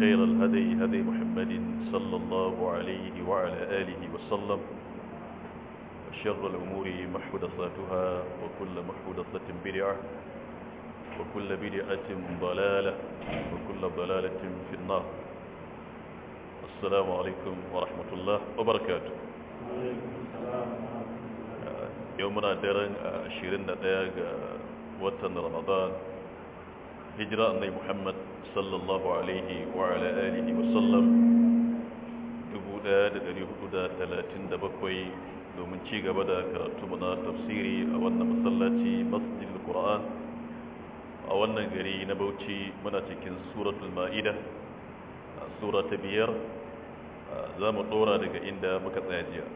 خير الهدي هدي محمد صلى الله عليه وعلى آله وسلم وشر الأمور محدثاتها وكل محدثة بدعة وكل بدعة ضلالة وكل ضلالة في النار السلام عليكم ورحمة الله وبركاته يومنا درن عشرين دقيقة وطن رمضان هجرة النبي محمد صلى الله عليه وعلى آله وسلم دبودا دري حدودا ثلاثين دبقوي domin ci gaba da karatunmu na tafsiri a wannan masallaci masjid al a wannan gari na Bauchi muna cikin suratul Ma'ida sura ta biyar za mu daga inda muka tsaya jiya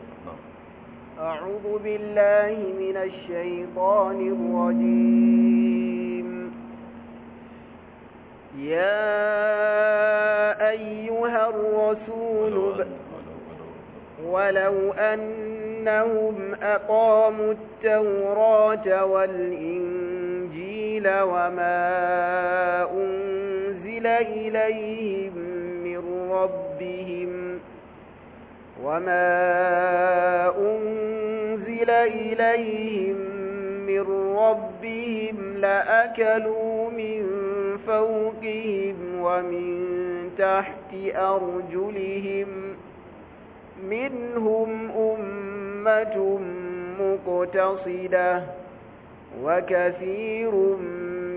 أعوذ بالله من الشيطان الرجيم يا أيها الرسول ولو أنهم أقاموا التوراة والإنجيل وما أنزل إليهم من ربهم وما أنزل إليهم من ربهم لأكلوا من فوقهم ومن تحت أرجلهم منهم أمة مقتصدة وكثير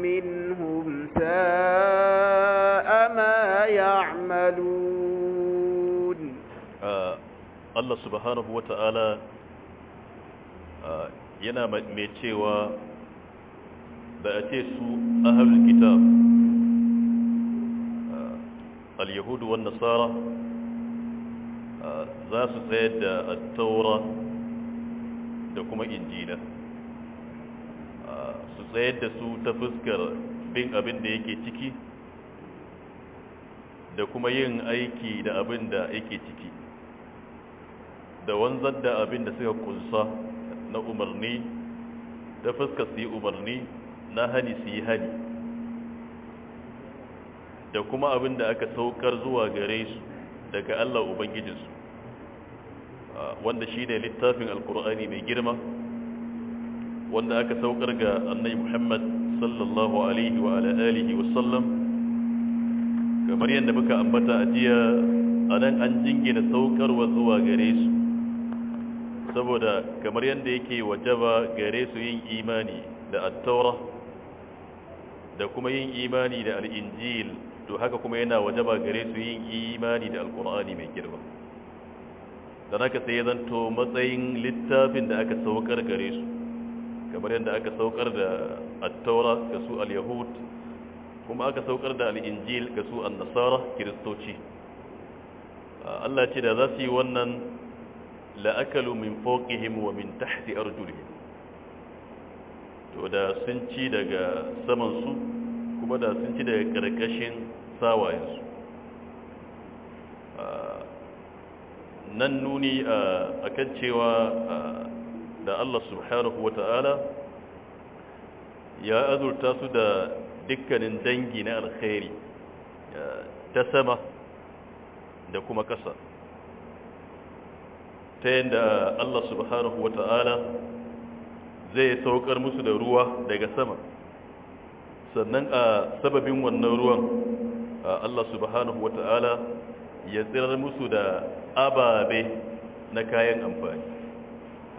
منهم ساء ما يعملون آه الله سبحانه وتعالى آه yana mai cewa da a ce su ahalul kitab al-yahudu wan nasara za su tsayar da taura da kuma injila su tsayar da su ta fuskar bin abin da yake ciki da kuma yin aiki da abin da yake ciki da wanzar da abin da suka kunsa na umarni ta fuskar su yi umarni na hani su yi hani da kuma abin da aka saukar zuwa gare su daga Allah Ubangijinsu ah, wanda shi ne littafin alkur'ani mai girma wanda aka saukar ga annai Muhammad sallallahu alaihi wa alihi wasallam kamar yadda muka ambata a jiya a nan an jingina saukarwa zuwa gare su saboda kamar yadda yake wajaba gare su yin imani da attaura da kuma yin imani da al'injil to haka kuma yana wajaba gare su yin imani da alkur'ani mai girma don haka sai ya zanto matsayin littafin da aka saukar gare su kamar yadda aka saukar da attaura ga su al-yahud kuma aka saukar da al-injil ga su an-nasara kiristoci Allah ce da za su yi wannan la'akalu min fawqihim wa min tahti arjulihim to da sun ci daga saman su kuma da sun ci daga ƙarƙashin sawayensu nan nuni a kan cewa da Allah subhanahu wa ta'ala ya azurta su da dukkanin dangi na alkhairi ta sama da kuma ƙasa ta yadda Allah subhanahu wa ta'ala zai saukar musu da ruwa daga sama sannan a sababin wannan ruwan Allah subhanahu wata'ala ya tsirar musu da ababe na kayan amfani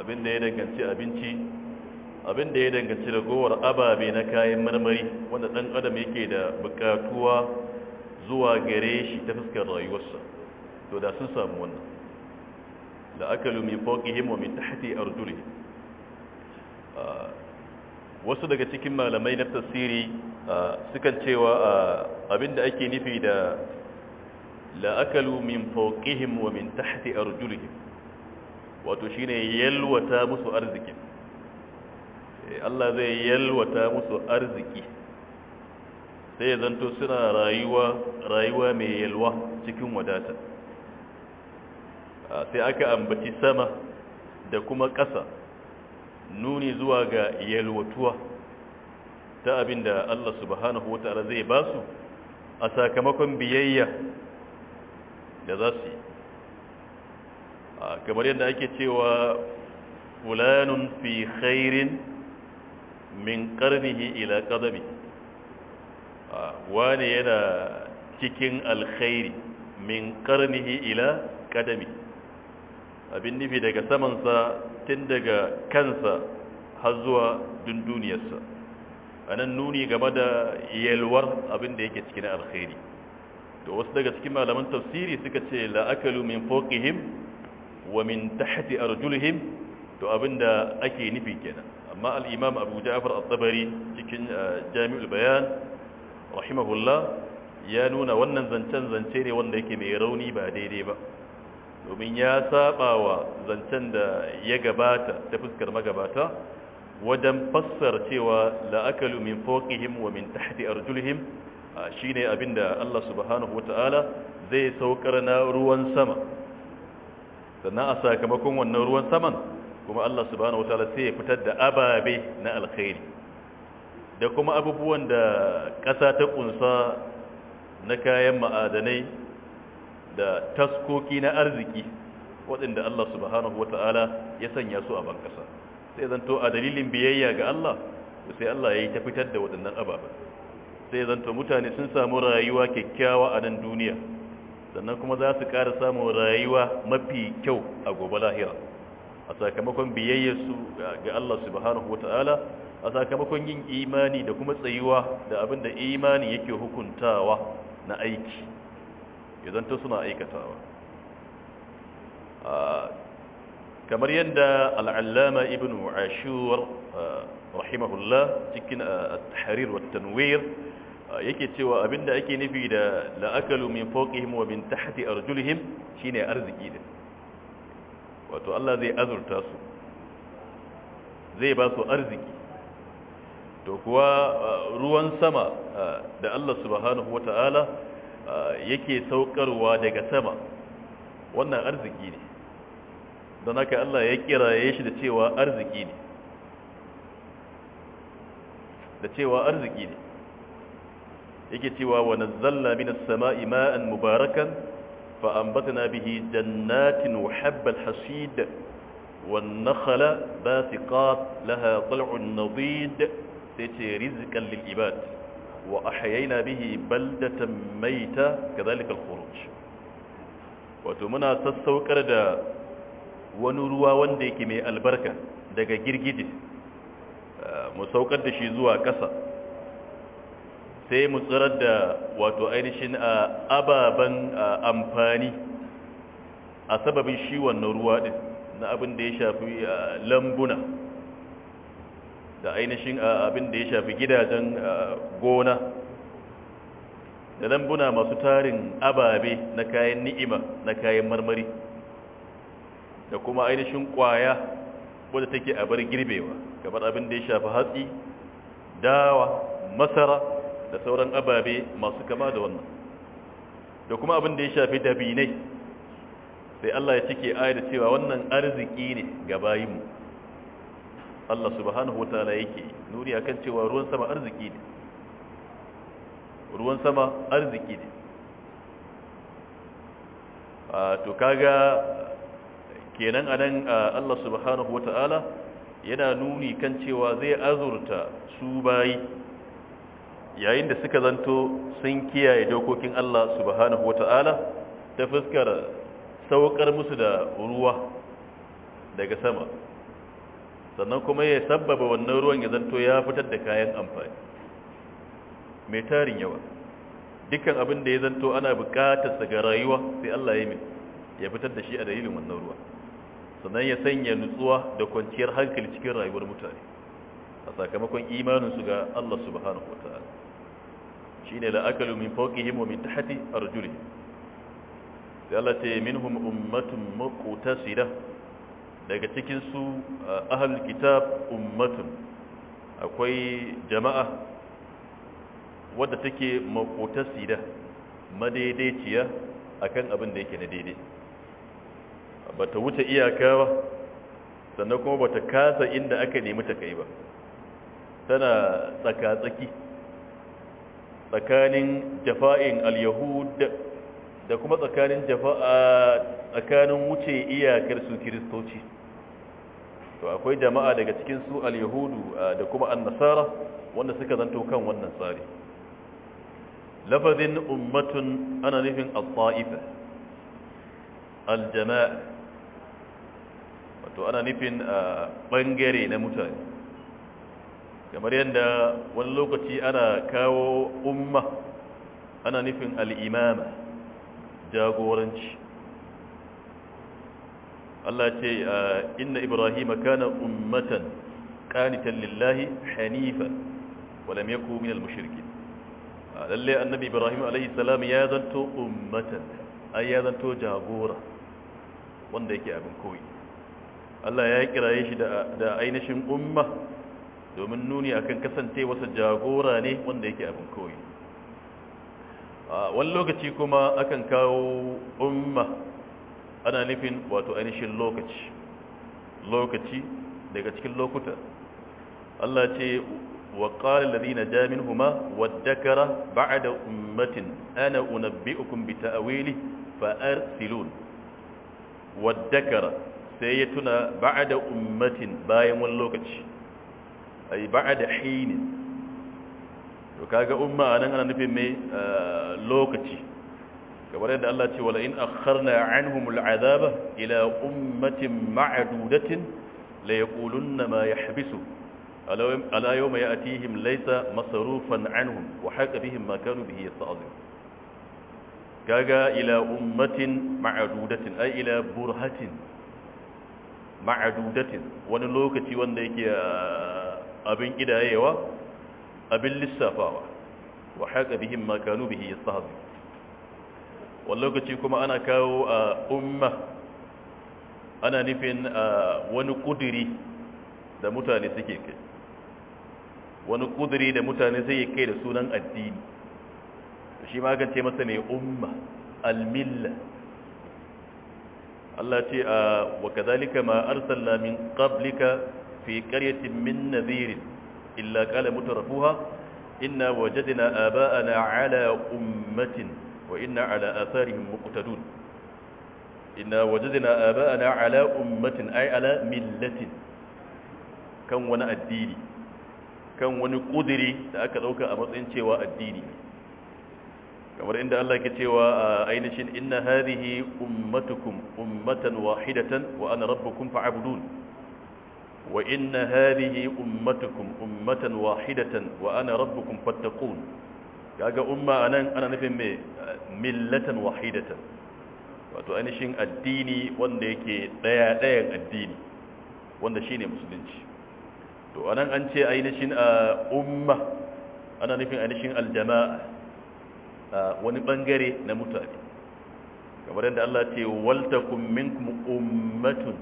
abin da ya danganci abinci abin da ya danganci ragowar ababe na kayan marmari wanda ɗan adam yake da bukatuwa zuwa gare shi ta fuskar rayuwarsa to da sun samu wannan la'akalu min fawqihim wa min tahti arjulihim wasu daga cikin malamai na tasiri sukan cewa abinda ake nufi da la'akalu min fawqihim wa min tahti arjulihim wato shine yalwata musu arziki eh, Allah zai yalwata musu arziki sai ya zanto suna rayuwa rayuwa mai yalwa cikin wadata sai aka ambaci sama da kuma ƙasa nuni zuwa ga yalwatuwa ta abin da Allah subhanahu wa ta'ala zai ba su a sakamakon biyayya da za su yi kamar yadda ake cewa fulanun fi khairin min karnihi ila kadabi. Wani yana cikin alkhairi min karnihi ila kadabi. abin nufi daga samansa tun daga kansa har zuwa dunduniyarsa a nan nuni game da yalwar abin da yake cikin alkhairi da wasu daga cikin malaman tafsiri suka ce la'akalu min fokihim wa min tahti arjulihim to abin da ake nufi kenan amma al'imam abu ja'afar al-tabari cikin eh, jami'ul bayan rahimahullah ya nuna wannan zancen zance ne wanda yake mai rauni ba daidai ba domin ya saba wa zancen da ya gabata ta fuskar magabata wajen fassar cewa la'akalu min fawqihim wa min tahti arjulihim shine abinda Allah subhanahu wataala zai saukar na ruwan sama sannan a sakamakon wannan ruwan saman kuma Allah subhanahu wataala sai ya fitar da ababe na alkhairi da kuma abubuwan da ƙasa ta ƙunsa na kayan ma'adanai da taskoki na arziki waɗanda Allah subhanahu Ta'ala ya sanya su a bankasa sai zanto a dalilin biyayya ga Allah sai Allah ya yi ta fitar da waɗannan ababen sai zanto mutane sun samu rayuwa kyakkyawa a nan duniya sannan kuma za su ƙara samun rayuwa mafi kyau a gobe lahira a sakamakon biyayyarsu ga Allah subhanahu Ta'ala, a sakamakon yin imani da kuma tsayuwa da abin da imani yake hukuntawa na aiki idan ta suna aikatawa kamar yadda al'allama ibn ashur rahimahullah cikin at-tahrir wa tanwir yake cewa abinda ake nufi da la'akalu min fawqihim wa min tahti arjulihim shine arziki din wato Allah zai azurta su zai ba su arziki to kuwa ruwan sama da Allah subhanahu ta'ala. yake saukarwa daga sama wannan arziki ne don haka Allah ya kiraye shi da cewa arziki ne da cewa arziki ne yake cewa wa nazzalna minas sama'i ma'an mubarakan fa anbatna bihi jannatin wa habbal hasid wan nakhla basiqat laha tal'un nadid sai ce rizqan lil ibad wa a bihi baldatan maita ga zalikar kuruc wato muna sassaukar da wani ruwa wanda yake mai albarka daga girgije mu saukar da shi zuwa ƙasa sai mu tsirar da wato ainihin a amfani a sababin shi wannan ruwa din na abin da ya shafi lambuna da ainihin abin da ya shafi gidajen gona da lambuna masu tarin ababe na kayan ni'ima na kayan marmari da kuma ainihin kwaya wadda take a bar girbewa kamar abin da ya shafi hatsi dawa masara da sauran ababe masu kama da wannan da kuma abin da ya shafi dabinai sai Allah ya cike ayyar cewa wannan arziki ne ga bayinmu Allah subhanahu wa ta'ala yake nuni akan cewa ruwan sama arziki ne ruwan sama arziki ne A to kaga kenan anan Allah subhanahu wa ta'ala yana nuni kan cewa zai azurta su bayi yayin da suka zanto sun kiyaye dokokin Allah subhanahu ta'ala ta fuskar saukar musu da ruwa daga sama sannan kuma ya sabbaba wannan ruwan ya zanto ya fitar da kayan amfani mai tarin yawa dukkan abin da ya zanto ana bukatar daga rayuwa sai Allah ya ya fitar da shi a dalilin wannan ruwa sannan ya sanya nutsuwa da kwanciyar hankali cikin rayuwar mutane a sakamakon imanin su ga Allah subhanahu wa ta'ala shi ne la'akalu min fauƙihim wa min tahati arjulihim sai Allah yi minhum ummatun muqtasida daga cikinsu eh, ahal kitab ummatun akwai jama'a wadda take makotar sida madaidaiciya akan abin da yake na daidai ba ta wuce iyaka ba sannan kuma ba ta kasa inda aka nemi ta kai ba tana tsaka-tsaki tsakanin jafa'in al-yahud da kuma tsakanin jafa'a tsakanin wuce iyakar su kiristoci to akwai jama'a daga cikin su al-yahudu uh, da kuma an-nasara wanda suka zanto kan wannan tsari lafazin ummatun ana nufin al taifa al-jama'a wato ana nufin bangare uh, na mutane kamar yadda wani lokaci ana kawo umma ana nufin al-imama jagoranci Allah ce ah, inna Ibrahim kana ummatan qanitan lillahi hanifa wa lam yakun minal mushrikin ah, lalle annabi Ibrahim alayhi salam ya zanto ummatan ai ya zanto jagora wanda yake abin koyi Allah ya kiraye shi da da ainihin umma domin nuni akan kasancewarsa jagora ne wanda yake abin koyi ah, wani lokaci kuma akan kawo umma ana nufin wato ainihin lokaci lokaci daga cikin lokuta Allah ce wa qala alladhina ja minhuma waddakara ba'da ummatin ana unabbi'ukum bi ta'wili fa arsilun waddakara sai ya tuna ba'da ummatin bayan wani lokaci ay ba'da hinin to kaga umma anan ana nufin me ah, lokaci kamar yadda Allah ce wala in akharna anhum al'azaba ila ummatin ma'dudatin la yaqulunna ma yahbisu ala yawma ya'tihim laysa masrufan anhum wa haqa bihim ma kanu bihi yasta'zim kaga ila ummatin ma'dudatin ay ila burhatin ma'dudatin wani lokaci wanda yake ah, abin kidayewa abin lissafawa wa haqa bihim ma kanu bihi yasta'zim wani lokaci kuma ana kawo a umma ana nufin a wani kudiri da mutane suke kai wani kudiri da mutane suke kai da sunan addini shi ma kan ce masa ne umma almilla Allah ce a wakazalika kadhalika ma arsalna min qablika fi qaryatin min nadhirin illa qala mutrafuha inna wajadna aba'ana ala ummatin wa inna ala atharihim muqtadun inna wajadna aba'ana ala ummatin ay ala millatin kan wani addini kan wani kudiri da aka ɗauka a matsayin cewa addini kamar inda Allah ke cewa ainihin inna hadhihi ummatukum ummatan wahidatan wa ana rabbukum fa'budun wa inna hadhihi ummatukum ummatan wahidatan wa ana kaga umma anan ana nufin me millatan wahidatan wato ainihin addini wanda yake daya dayan addini wanda shine musulunci to anan an ce ainihin umma ana nufin ainihin aljama'a wani bangare na mutane kamar yadda Allah ce waltakum minkum ummatun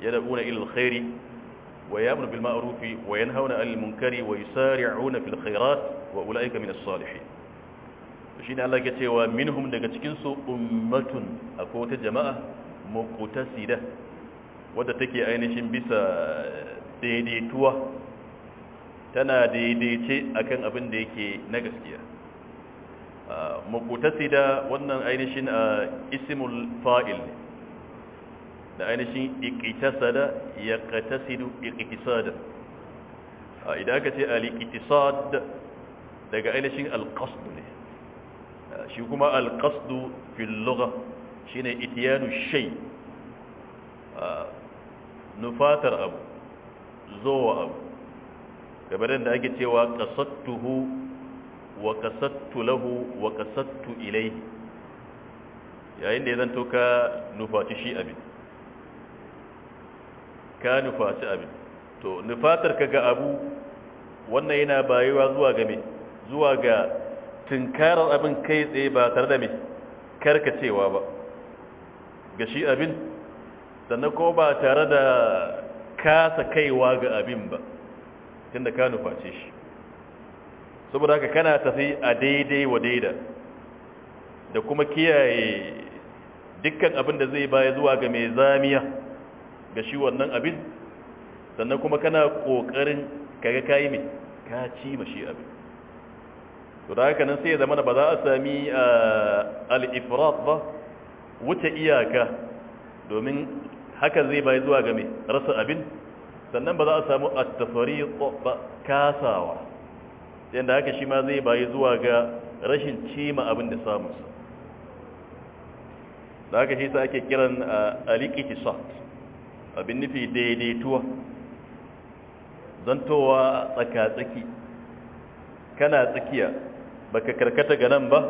yad'una ila alkhairi wa ya'muru bil ma'ruf wa yanhauna 'anil munkari wa yusari'una fil khairat wa ula'ika min as-salihin shi ne Allah ke cewa minhum daga cikin su ummatun akwai wata jama'a muqtasida wadda take ainihin bisa daidaituwa tana daidaice akan abin da yake na gaskiya muqtasida wannan ainihin ismul fa'il da ainihin iqtasada yaqtasidu iqtisada idan aka ce al-iqtisad daga ainihin alqasd ne shi kuma alqasd fil Shi ne itiyanu shai. nufatar abu zowa abu gabarin da ake cewa qasattuhu wa qasattu lahu wa qasattu ilai. yayin da ya zanto ka nufaci shi abin ka nufaci abin to nufatar ka ga abu wannan yana bayuwa zuwa game zuwa ga tunkarar abin kai tsaye ba tare da mai karkacewa ba ga shi abin sannan ko ba tare da kasa kaiwa ga abin ba tunda ka nuface shi saboda haka kana tafi a daidai wa daida da kuma kiyaye dukkan abin da zai baya zuwa ga mai zamiya ga shi wannan abin sannan kuma kana ƙoƙarin kaga kayi mai ka ci mashi abin to da haka nan sai ya zama ba za a sami eh, al ba wuce iyaka domin haka zai bai zuwa ga mai rasa abin sannan ba za a samu at-tafariq ba kasawa yanda haka shi ma zai bai zuwa ga rashin cima abin da samu da haka shi sa ake kiran eh, al-iqtisad abin nufi daidaituwa zantowa tsaka-tsaki kana tsakiya baka karkata ga nan ba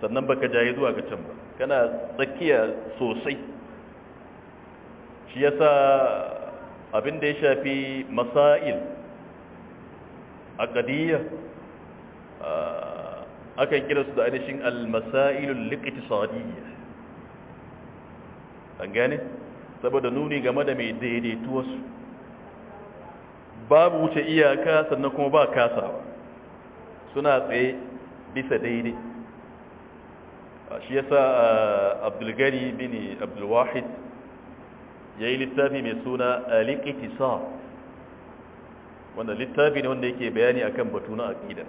sannan baka jaye zuwa ga can ba kana tsakiya sosai shi yasa abin da ya shafi masail a Kadiyya, akan kira su da ainihin al-masailul liqtisadiyya an gane saboda nuni game da mai daidaituwa babu wuce iyaka sannan kuma ba kasawa suna tsaye bisa daidai shi ya yasa abdulgari bin abdulwahid ya yi littafi mai suna alikitisa wanda littafi ne wanda yake bayani akan batu na aƙida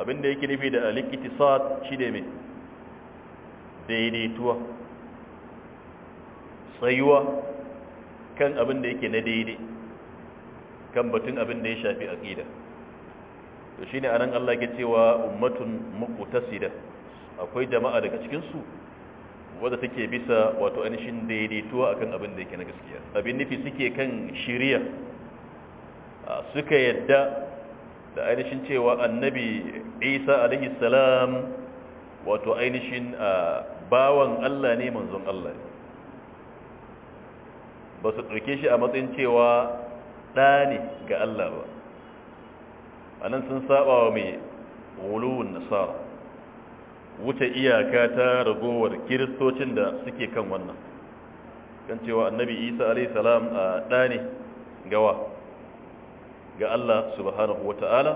abinda yake nufi da alikitisa shi ne mai daidaituwa tsayuwa kan abinda yake na daidai kan batun abinda ya shafi aƙida to shine anan Allah ke cewa ummatun muqtasida akwai jama'a daga cikin su wanda take bisa wato ainihin daidaituwa akan abin da yake na gaskiya abin nufi suke kan shiriya suka yadda da ainihin cewa annabi isa alaihi salam wato ainihin bawan allah ne manzon allah ba su ɗauke shi a matsayin cewa ɗa ne ga allah ba anan sun saba wa mai wuluwun nasara wuce iyaka ta ragowar kiristocin da suke kan wannan kan cewa annabi isa alaihi salam a ɗa ne gawa ga Allah subhanahu wa ta'ala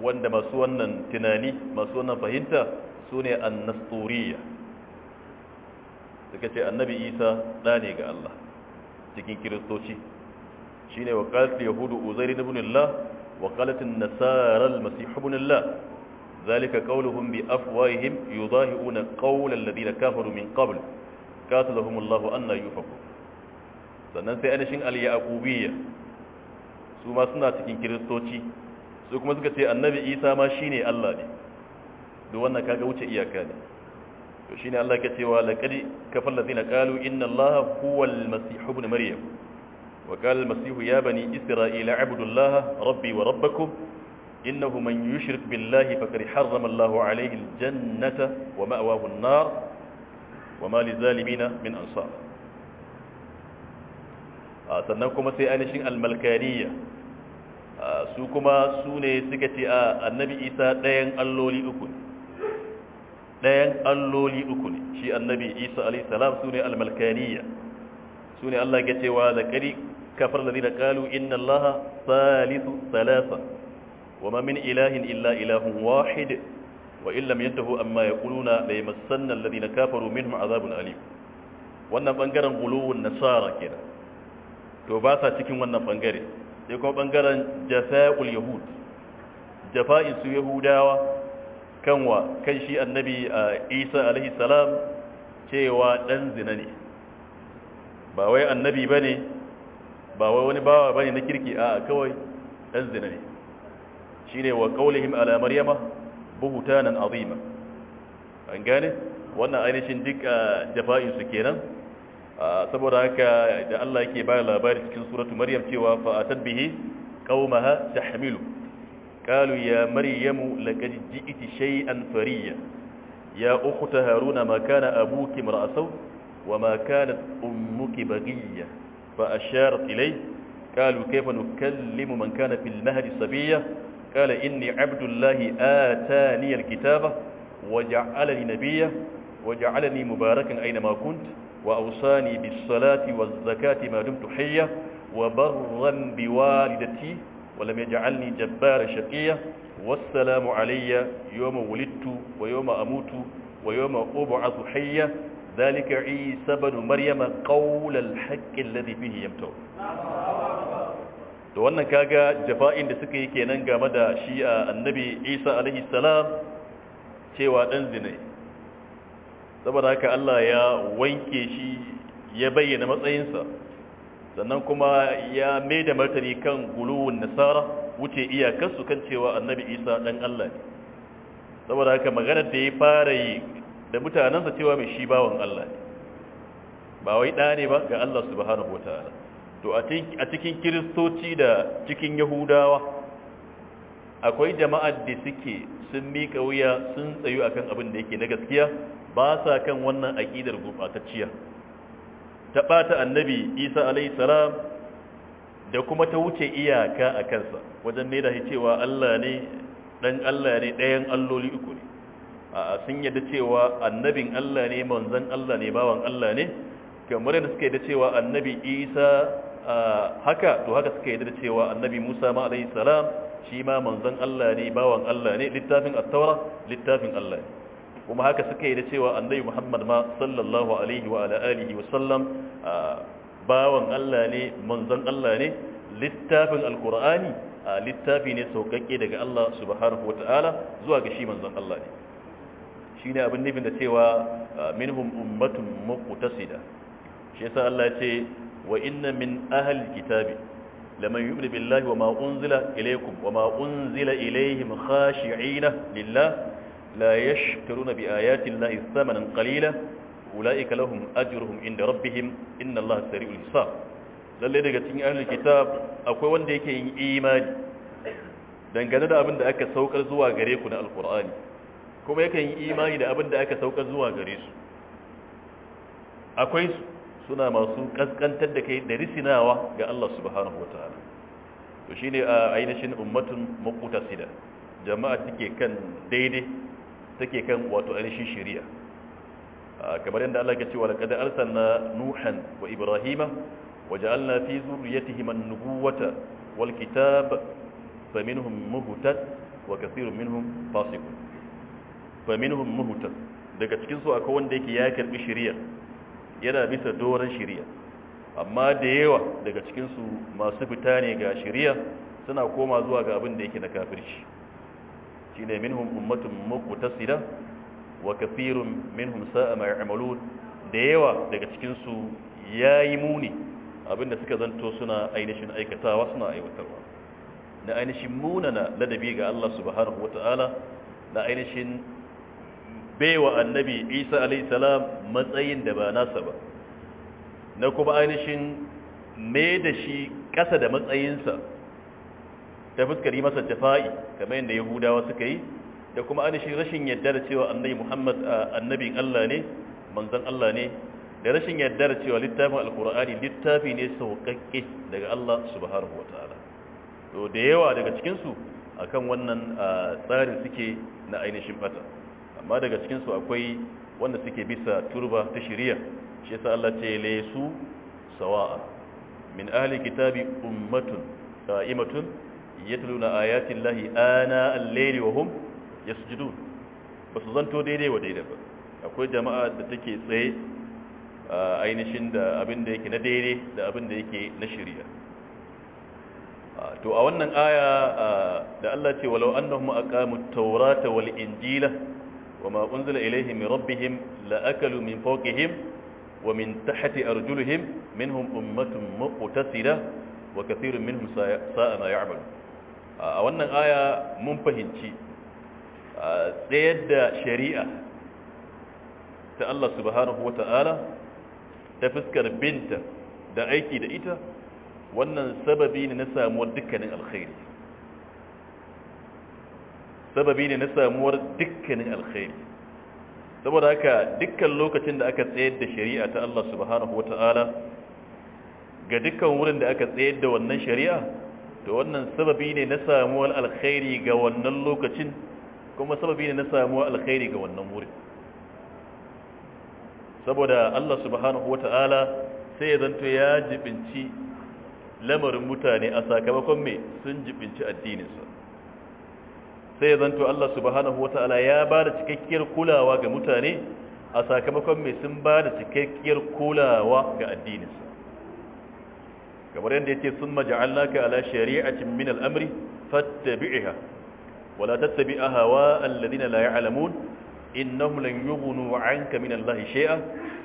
wanda masu wannan tunani masu wannan fahimta su ne annasturiya suka ce annabi isa ɗa ne ga Allah cikin kiristoci shine wa qalat yahudu uzair na bunillah wa qalat an-nasara al-masih ibn Allah zalika qawluhum bi afwahihim yudahiuna qawla alladhina kafaru min qabl qatalahum Allah anna yufaku sannan sai anashin al-yaqubiyya su ma suna cikin kiristoci su kuma suka ce annabi Isa ma shine Allah ne duk wannan kaga wuce iyaka ne to shine Allah ke cewa laqad kafal na qalu inna allaha huwal masih ibn maryam وقال المسيح يا بني إسرائيل اعبدوا الله ربي وربكم إنه من يشرك بالله فقد حرم الله عليه الجنة ومأواه النار وما للظالمين من أنصار sannan kuma sai ainihin almalkaniya su kuma su ne suka ce a annabi isa ɗayan alloli uku ne ɗayan alloli uku ne shi annabi isa alaihissalam su ne almalkaniya su ne allah ga cewa da كفر الذين قالوا إن الله ثالث ثلاثة وما من إله إلا إله واحد وإن لم ينتهوا أما يقولون ليمسن الذين كفروا منهم عذاب أليم wannan bangaren guluwun nasara kenan to ba sa cikin wannan bangare sai kuma bangaren jafa'ul yahud jafa'in su yahudawa kanwa kan shi annabi isa alaihi salam cewa dan zina ne ba wai annabi bane ba wai wani bawa bane na kirki a kawai dan zina ne shine wa qaulihim ala maryama buhtanan azima an gane wannan ainihin duk jafa'in su kenan saboda haka da Allah yake bayar labari cikin suratu maryam cewa fa atad bihi qaumaha tahmilu قالوا يا مريم لقد جئت شيئا فريا يا أخت هارون ما كان أبوك امرأ وما كانت أمك بغية فأشارت إليه قالوا كيف نكلم من كان في المهد الصبية قال إني عبد الله آتاني الكتابة وجعلني نبيا وجعلني مباركا أينما كنت وأوصاني بالصلاة والزكاة ما دمت حيا وبرا بوالدتي ولم يجعلني جبار شقيا والسلام علي يوم ولدت ويوم أموت ويوم أبعث حيا ذلك عيسى بن مريم قول الحق الذي فيه يمتون to wannan kaga jafa'in da suka yi kenan game da shi a annabi isa alaihi salam cewa dan zina saboda haka Allah ya wanke shi ya bayyana matsayinsa sannan kuma ya mai da martani kan guluwun nasara wuce iyakarsu kan cewa annabi isa dan Allah ne saboda haka maganar da ya fara yi da mutanensa cewa mai shi bawan Allah ne ba wai ɗa ne ba ga Allah subhanahu wataala to a cikin kiristoci da cikin yahudawa akwai jama'ar da suke sun miƙa wuya sun tsayu akan abin da yake na gaskiya ba sa kan wannan aƙidar gurɓatacciya ta ɓata annabi isa alaihi salam da kuma ta wuce iyaka a kansa wajen ne da cewa Allah ne ɗan Allah ne ɗayan alloli uku ne sun yadda cewa annabin Allah ne manzan Allah ne bawan Allah ne kamar yadda suka yadda cewa annabi Isa haka to haka suka yadda cewa annabi Musa ma alayhi salam shi ma manzan Allah ne bawan Allah ne littafin at-taura littafin Allah ne kuma haka suka yadda cewa annabi Muhammad ma sallallahu alaihi wa ala alihi wa sallam bawan Allah ne manzan Allah ne littafin alqur'ani littafi ne saukakke daga Allah subhanahu wa ta'ala zuwa ga shi manzon Allah ne shine abin nufin da cewa uh, minhum ummatun muqtasida shi yasa Allah ya ce wa inna min ahli kitabi laman yu'minu billahi wa ma unzila ilaykum wa ma unzila ilayhim khashi'ina lillah la yashkuruna bi ayati llahi thamanan qalila ulaika lahum ajruhum inda rabbihim inna allaha sari'ul hisab lalle daga cikin ahlul kitab akwai wanda yake yin imani dangane da abin da aka saukar zuwa gare ku na alqur'ani kuma yakan yi imani da abin da aka saukar zuwa gare su akwai su suna masu kaskantar da kai da risinawa ga Allah subhanahu wa ta'ala to shine a ainihin ummatun muqtasida jama'a take kan daidai take kan wato ainihin shari'a kamar yadda Allah ya ce wa laqad arsalna nuhan wa ibrahima waja'alna fi zurriyyatihim an-nubuwata wal kitab faminhum muhtad wa kathirun minhum fasiqun fa minhum muhtad daga cikin su akwai wanda yake ya karbi shari'a yana bisa doran shari'a amma da yawa daga cikin su masu fita ne ga shari'a suna koma zuwa ga abin da yake na kafirci shine minhum ummatun muqtasida wa kathirun minhum sa'a ma ya'malun da yawa daga cikin su yayi muni abinda suka zanto suna ainihin aikatawa suna aiwatarwa na ainihin munana ladabi ga Allah subhanahu wata'ala na ainihin baiwa annabi isa alaihissalam matsayin da ba nasa ba na kuma ainihin mai da shi ƙasa da matsayinsa ta fuskari masa jafa'i kamar yadda yahudawa suka yi da kuma ainihin rashin yadda da cewa annabi muhammad annabin allah ne manzan allah ne da rashin yadda da cewa littafin alkur'ani littafi ne sauƙaƙƙe daga allah subhanahu wa ta'ala to da yawa daga cikinsu akan wannan tsarin suke na ainihin fata amma daga cikinsu akwai wanda suke bisa turba ta shiriya shi yasa Allah ce su sawa'a min ahli kitabi ummatun qa'imatun yatluna ayati llahi ana al-layli wa hum yasjudun basu zanto daidai wa daidai ba akwai jama'a da take tsaye ainihin da abin da yake na daidai da abin da yake na shiriya to a wannan aya da Allah ce walau annahum aqamut tawrata wal injila وما أنزل إليهم من ربهم لأكلوا من فوقهم ومن تحت أرجلهم منهم أمة مقتصدة وكثير منهم ساء ما يعمل a wannan aya mun fahimci tsayar da shari'a ta Allah subhanahu wata'ala ta fuskar binta da aiki da ita wannan sababi ne na samuwar dukkanin alkhairi sababi ne na samuwar dukkanin alkhairi saboda haka dukkan lokacin da aka tsayar da shari'a ta Allah subhanahu wata'ala ga dukkan wurin da aka tsayar da wannan shari'a to wannan sababi ne na samuwar alkhairi ga wannan lokacin kuma sababi ne na samuwar alkhairi ga wannan wurin saboda Allah subhanahu wata'ala sai ya zanto ya jibinci lamarin mutane a sakamakon mai sun jibinci addininsa sai zanto Allah subhanahu wataala ya ba da cikakkiyar kulawa ga mutane a sakamakon mai sun ba da cikakkiyar kulawa ga addininsa kamar yadda yake sun ka ala shari'atin min al'amri fattabi'iha wala tattabi'a hawa alladhina la ya'lamun innahum lan yughnu 'anka min Allahi shay'a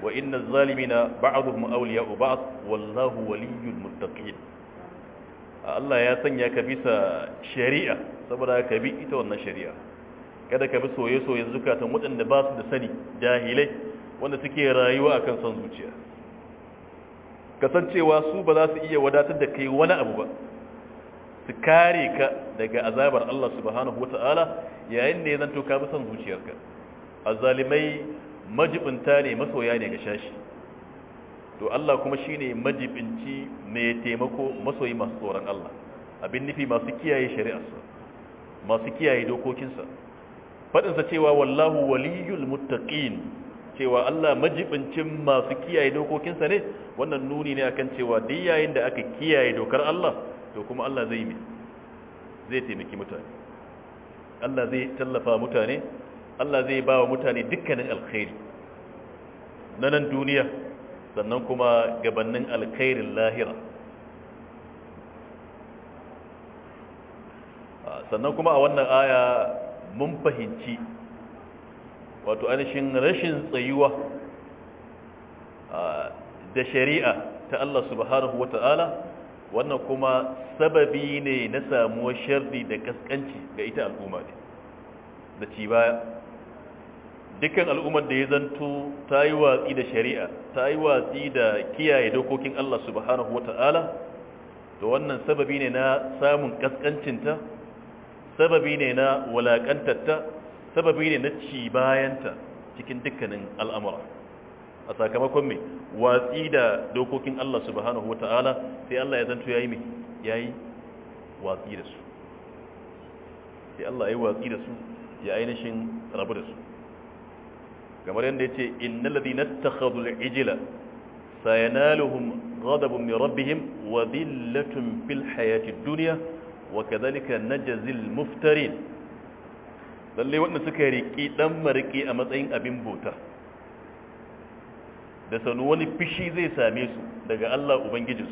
wa innaz zalimina ba'dhum awliya'u ba'd wallahu waliyyul muttaqin Allah ya sanya ka bisa shari'a saboda ka bi ita wannan shari'a kada ka bi soye-soyen zukatan waɗanda ba su da sani jahilai wanda suke rayuwa akan son zuciya kasancewa su ba za su iya wadatar da kai wani abu ba su kare ka daga azabar Allah subhanahu wata'ala yayin da ya zanto ka bi son zuciyarka azalimai majibinta ne masoya ne ga shashi to Allah kuma shine majibinci mai taimako masoyi masu tsoron Allah abin nufi masu kiyaye shari'arsa masu kiyaye dokokinsa faɗinsa cewa wallahu waliyul muttaqin cewa Allah majibincin masu kiyaye dokokinsa ne wannan nuni ne akan cewa duk yayin da aka kiyaye dokar Allah to kuma Allah zai yi zai taimaki mutane Allah zai tallafa mutane Allah zai ba wa mutane dukkanin alkhairi na nan duniya sannan kuma gabanin alkhairin lahira sannan kuma a wannan aya mun fahimci wato ainihin rashin tsayuwa da shari'a ta Allah subhanahu wata'ala wannan kuma sababi ne na samuwar sharri da kaskanci ga ita al'umma ne da ci baya dukkan al'ummar da ya zanto ta yi watsi da shari'a ta yi watsi da kiyaye dokokin Allah subhanahu wata'ala da wannan sababi ne na samun kaskancinta sababi ne na walakantarta sababi ne na ci bayanta cikin dukkanin al'amura a sakamakon mai watsi da dokokin Allah subhanahu ta'ala sai Allah ya zanto ya yi mai ya yi watsi da su sai Allah ya yi watsi da su ya ainihin rabu da su kamar yadda ya ce inna ladina takhadul ijila sayanaluhum ghadabun min rabbihim wa dhillatun fil hayatid duniya. wa na najzil muftarin lalle wanda suka riki dan mariƙe a matsayin abin bota. da sanu wani fishi zai same su daga Allah su.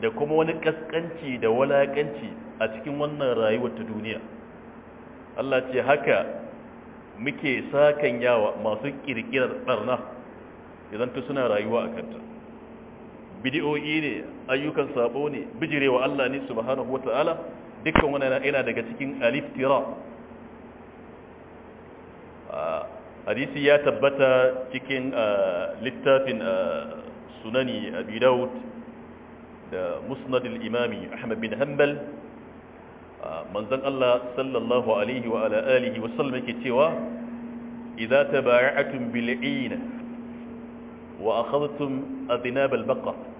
da kuma wani ƙasƙanci da walaƙanci a cikin wannan rayuwar ta duniya Allah ce haka muke sakan yawa masu ƙirƙirar barna idan ta suna rayuwa a kanta bidi'o'i ne ayyukan sabo ne bijirewa Allah ne subhanahu wata'ala dukkan wannan yana daga cikin aliftira hadisi ya tabbata cikin littafin sunani abi daud da musnad al-imami ahmad bin hanbal manzon Allah sallallahu alaihi wa ala alihi wa sallam yake cewa idza tabaya'tum bil'ina wa akhadhtum adnab al-baqar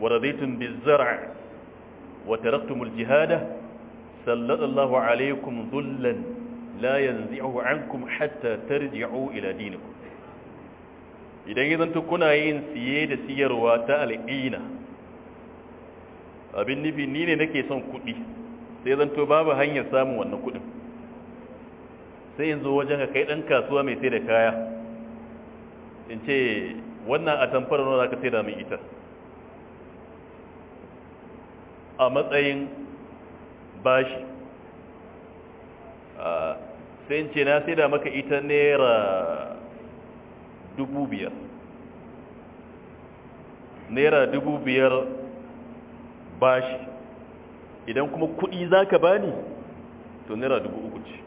ورضيتم بالزرع وتركتم الجهاد سلط الله عليكم ذلا لا ينزعه عنكم حتى ترجعوا إلى دينكم idan ya zanto kuna yin siye da siyarwa ta al'ina abin nufi ni ne nake son kuɗi sai zanto babu hanyar samun wannan kuɗin sai in zo wajen ka kai ɗan kasuwa mai sai da kaya in ce wannan a tamfar nuna ka sai da min ita a matsayin bashi sai ce na sai da maka ita naira dubu biyar naira dubu biyar bashi idan kuma kuɗi za ka bani to naira dubu uku ce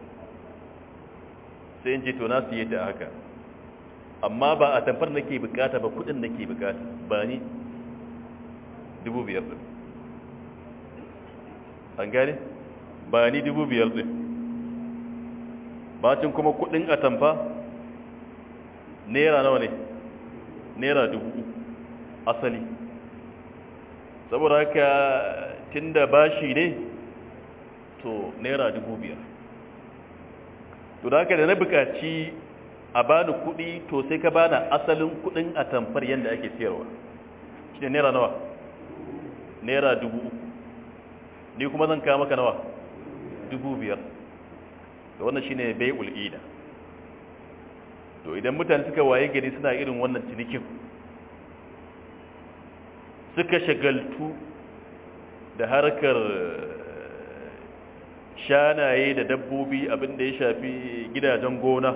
sai ce to na siye ta haka amma ba a tamfar nake bukata ba kudin nake bukata ba ni dubu biyar dubu an gane ba ni dubu biyar ɗin bacin kuma kudin atamfa naira nawa ne naira dubu asali saboda haka tun da bashi ne to naira dubu biyar to da haka da na bukaci a bani kudi to sai ka bani asalin kudin atamfar yadda ake siyarwa shi ne naira nawa naira dubu ni kuma zan kawo maka nawa dubu biyar da wannan shine bai ul'ida to idan mutane suka waye gani suna irin wannan cinikin suka shagaltu da harkar eh, shanaye da dabbobi abinda ya shafi gidajen gona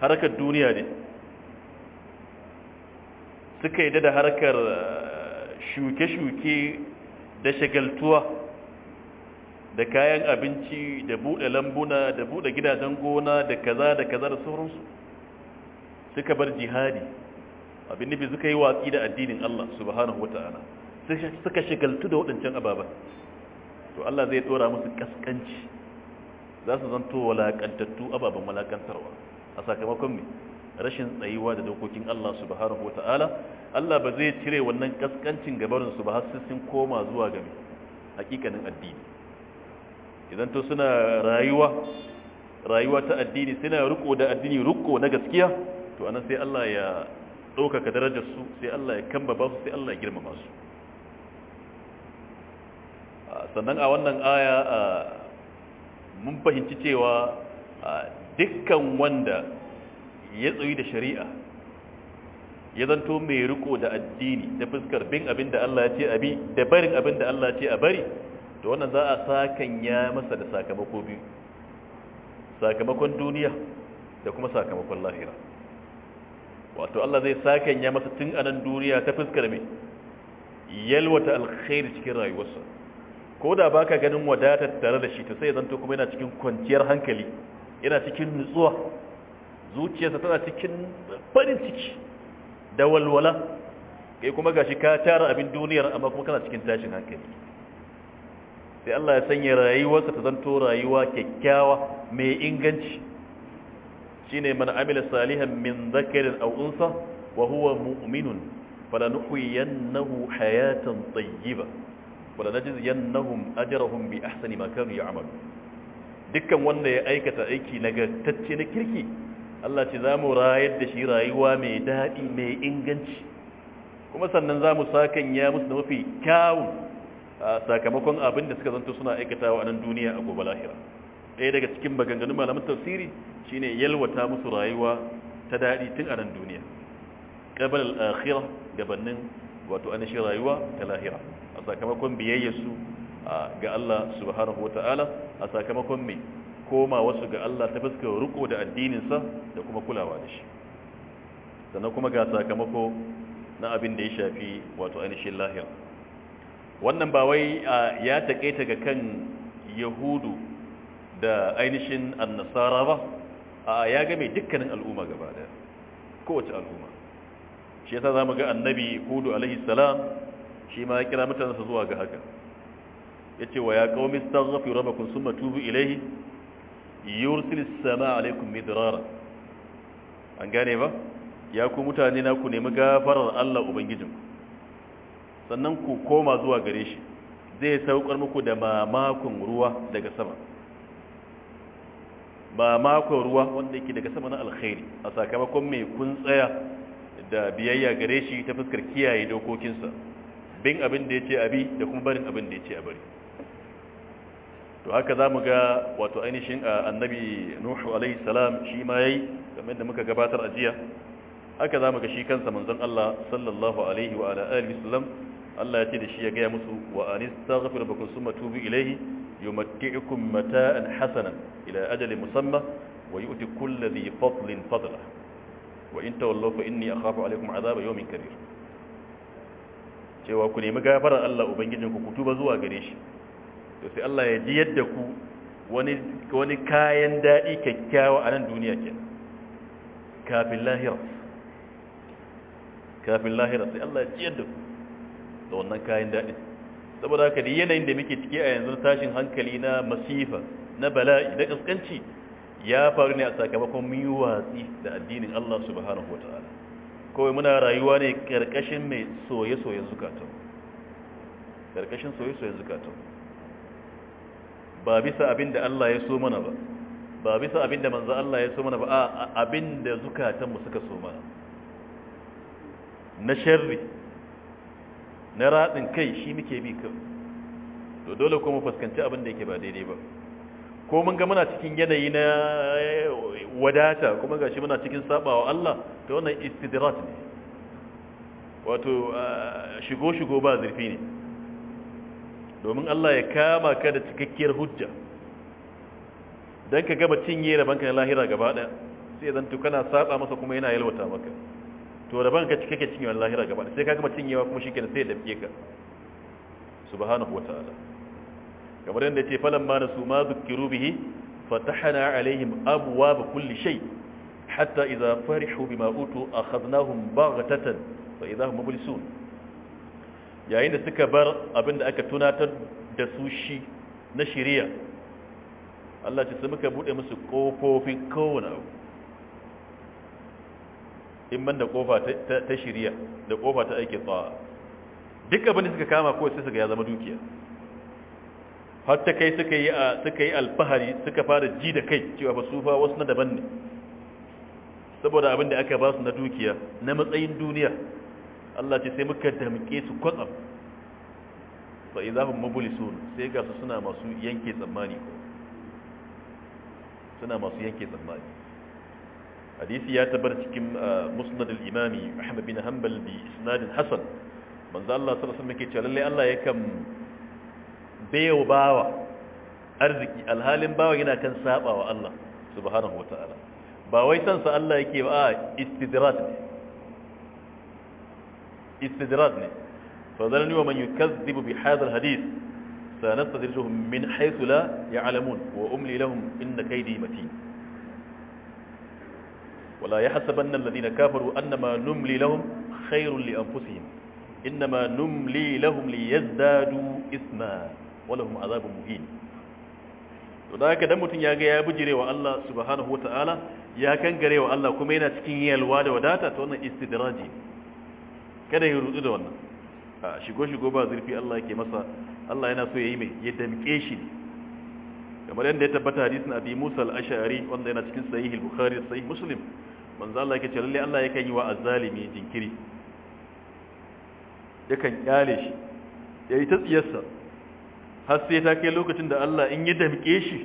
harkar duniya ne suka yi da harkar eh, shuke-shuke da shagaltuwa da kayan abinci da bude lambuna da bude gidajen gona da kaza da kaza da sauransu suka bar jihadi abin nufi suka yi watsi da addinin Allah subhanahu wa ta'ala suka shigaltu da waɗancan ababa to Allah zai tsora musu kaskanci za su zanto walakantattu ababen walakantarwa a sakamakon mai rashin tsayuwa da dokokin Allah subhanahu wa ta'ala Allah ba zai cire wannan kaskancin gabarinsu ba har sun koma zuwa game hakikanin addini idan to suna rayuwa rayuwa ta addini suna riko da addini riko na gaskiya to anan sai Allah ya ɗaukaka darajar su sai Allah ya ba su sai Allah ya girmama su sannan a wannan aya mun fahimci cewa dukkan wanda ya tsayi da shari'a ya zanto mai riko da addini da fuskar bin abin da Allah ya ce abi da barin abin da Allah ya ce a bari to wannan za a sakan ya masa da sakamako biyu sakamakon duniya da kuma sakamakon lahira wato Allah zai sakan ya masa tun anan duniya ta fuskar mai yalwata alkhairi cikin rayuwarsa ko da baka ganin wadata tare da shi ta sai zanto kuma yana cikin kwanciyar hankali yana cikin nutsuwa zuciyarsa tana cikin farin ciki da walwala kai kuma gashi ka tara abin duniyar amma kuma kana cikin tashin hankali sai Allah ya sanya rayuwarsa ta zanto rayuwa kyakkyawa mai inganci shine man amila salihan min zakarin aw unsa wa huwa mu'minun falanuhyiyannahu hayatan tayyiba walanajziyannahum ajrahum bi ahsani ma kanu ya'malun dukkan wanda ya aikata aiki nagartacce na kirki Allah ce zamu rayar da shi rayuwa mai daɗi mai inganci kuma sannan zamu sakan ya musu da mafi kyawun sakamakon abin da suka zanto suna aikatawa a nan duniya a gobe lahira ɗaya daga cikin maganganun malamin tafsiri shine yalwata musu rayuwa ta daɗi tun a nan duniya ƙabal lahira gabanin wato an shi rayuwa ta lahira a sakamakon biyayyarsu ga Allah subhanahu wata'ala a sakamakon mai koma wasu ga Allah ta fuskar riko da addininsa da kuma kulawa da shi sannan kuma ga sakamako na abin da ya shafi wato ainihin lahira wannan ba wai ya taƙaita ga kan yahudu da ainihin annasara ba a ya game dukkanin al'umma gaba daya kowace al'umma shi yasa zamu ga annabi hudu alaihi salam shi ma ya kira mutanensa zuwa ga haka yace wa ya qaumi astaghfiru rabbakum summa tubu ilayhi yursilis samaa alaykum midrara an gane ba ya ku mutane na ku nemi gafarar Allah ubangijinku sannan ku koma zuwa gare shi zai saukar muku da mamakon ruwa daga sama mamakon ruwa wanda yake daga sama na alkhairi a sakamakon mai kun tsaya da biyayya gare shi ta fuskar kiyaye dokokinsa bin abin da ya ce abi da kuma barin abin da ya ce a bari to haka za mu ga wato ainihin annabi nuhu alaihi salam shi ma yayi kamar da muka gabatar a jiya haka za mu ga shi kansa manzon Allah sallallahu alaihi wa ala alihi wasallam Allah ya ce da shi ya gaya musu wa bakun anistaghfir bakum summa tubu ilayhi mata mata'an hasanan ila ajalin musamma wa yi yu'ti kulli dhi fadlin fadla wa in tawallaw fa inni akhafu alaykum adhaba yawmin kabir cewa ku nemi gafarar Allah ubangijinku ku kutuba zuwa gare shi to sai Allah ya ji yadda ku wani kayan dadi kyakkyawa a nan duniya ke kafin lahira kafin lahira sai Allah ya ji yadda ku da wannan kayan daɗin saboda haka da yanayin da muke ciki a yanzu tashin hankali na masifa na bala'i da ƙasƙanci ya faru ne a sakamakon mun yi watsi da addinin Allah subhanahu wa ta'ala kawai muna rayuwa ne ƙarƙashin mai soye-soyen zukatan ƙarƙashin soye-soyen zukatan ba bisa abin da Allah ya so mana ba ba bisa abin da manzo Allah ya so mana ba a abin da zukatanmu suka so mana na sharri na raɗin kai shi muke bi kan to dole kuma fuskanci abin da yake ba daidai ba ko mun ga muna cikin yanayi na wadata kuma gashi muna cikin sabawa Allah to wannan istidrat ne wato ah, shigo shigo ba zurfi ne domin Allah ya kama ka da cikakkiyar hujja dan ka gaba cinye rabanka na lahira gaba daya sai zan tukana kana saba masa kuma yana yalwata maka to rabon ka cike kake cinye wallahi ra gaba sai ka gama cinyewa kuma shikenan sai da fiye ka subhanahu wataala kamar yadda yace falan ma nasu ma dhukiru bihi fatahna alaihim abwaab kulli shay hatta idza farihu bima utu akhadnahum baghtatan fa idza hum mublisun yayin da suka bar abinda aka tunatar da su shi na shari'a Allah ce sai muka bude musu kofofin kowane abu in ban da kofa ta shirya da kofa ta aikin tsawa duk abin da suka kama ko sai suka ya zama dukiya har ta kai suka yi suka yi alfahari suka fara ji da kai cewa ba su fa wasu na daban ne saboda abin da aka ba su na dukiya na matsayin duniya Allah ce sai muka damke su kwatsam fa idahum mublisun sai ga su suna masu yanke tsammani suna masu yanke tsammani hadisi ya tabar cikin uh, musnad al-imami ahmad bin hanbal bi isnadin hasan manzo Allah sallallahu alaihi wasallam yake cewa lalle Allah yakan bayo bawa arziki alhalin bawa yana kan wa Allah subhanahu wataala ba wai san sa Allah yake ba istidrat ne istidrat ne fa zalani wa man yukazzibu bi hadha alhadith sanastadrijuhum min haythu la ya'lamun wa umli lahum inna kaydi matin wala yahsabanna alladhina kafaru annama numli lahum khairul li anfusihim innama numli lahum liyazdadu isma walahum azabun muhin to da haka dan mutun ya ga ya bijire wa Allah subhanahu wataala ya kangare wa Allah kuma yana cikin yalwa da wadata to wannan istidraji kada ya rudu da wannan shigo shigo ba zurfi Allah yake masa Allah yana so ya yi mai ya damke shi kamar yadda ya tabbata hadisin abi musa al-ash'ari wanda yana cikin sahih al-bukhari da sahih muslim manzo Allah yake cewa lalle Allah yakan yi wa azzalimi jinkiri yakan kyale shi yayi ta tsiyarsa har sai ta kai lokacin da Allah in ya damke shi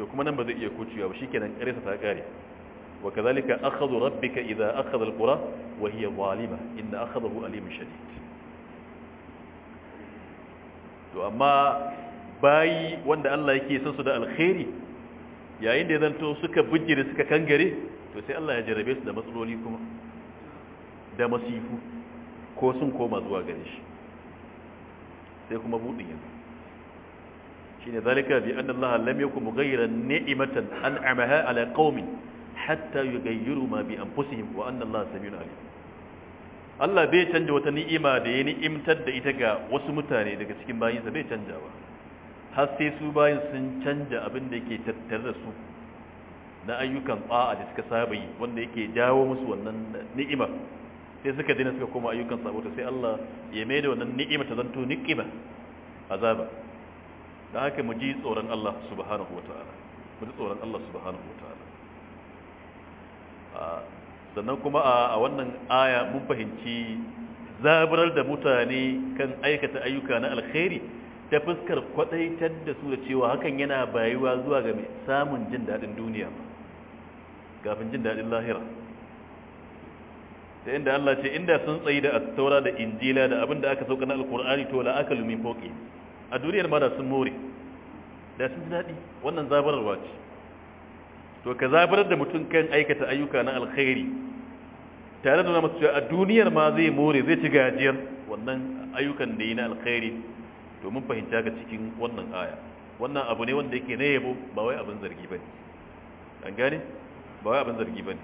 to kuma nan ba zai iya kuciya ba shikenan karesa ta kare wa kadhalika akhadhu rabbika idha akhadha al-qura wa hiya zalima inna akhadahu alimun shadid to amma bayi wanda Allah yake son su da alkhairi yayin da ya zanto suka bujire suka kangare to sai Allah ya jarabe su da matsaloli kuma da masifu ko sun koma zuwa gare shi sai kuma budin yanzu shine zalika bi anna Allah lam yakun mughayyiran ni'matan an'amaha ala qaumin hatta yughayyiru ma bi anfusihim wa anna Allah samiun alim Allah bai canja wata ni'ima da ya ni'imtar da ita ga wasu mutane daga cikin bayinsa bai canjawa har sai su bayan sun canja abin da yake tattare da su na ayyukan ba'a da suka saba yi wanda yake jawo musu wannan ni'ima sai suka dina suka koma ayyukan sabo sai Allah ya mai da wannan ni'ima ta zanto ni'ima azaba da haka mu ji tsoron Allah subhanahu ta'ala mu ji tsoron Allah subhanahu ta'ala ah, sannan kuma a wannan aya mun fahimci zaburar da mutane kan aikata ayyuka na alkhairi ta fuskar kwadaitar da su da cewa hakan yana bayuwa zuwa ga samun jin daɗin duniya kafin jin daɗin lahira ta inda Allah ce inda sun tsayi da attaura da injila da abin da aka sauka na alkur'ani to la aka lumi foki a duniyar ma da sun more da sun daɗi wannan zabararwa ce to ka zabarar da mutum kan aikata ayyuka na alkhairi tare da nuna masu cewa a duniyar ma zai more zai ci gajiyar wannan ayyukan da yi na alkhairi to mun fahimta ga cikin wannan aya wannan abu ne wanda yake na yabo ba wai abin zargi bane an gane ba wai abin zargi ne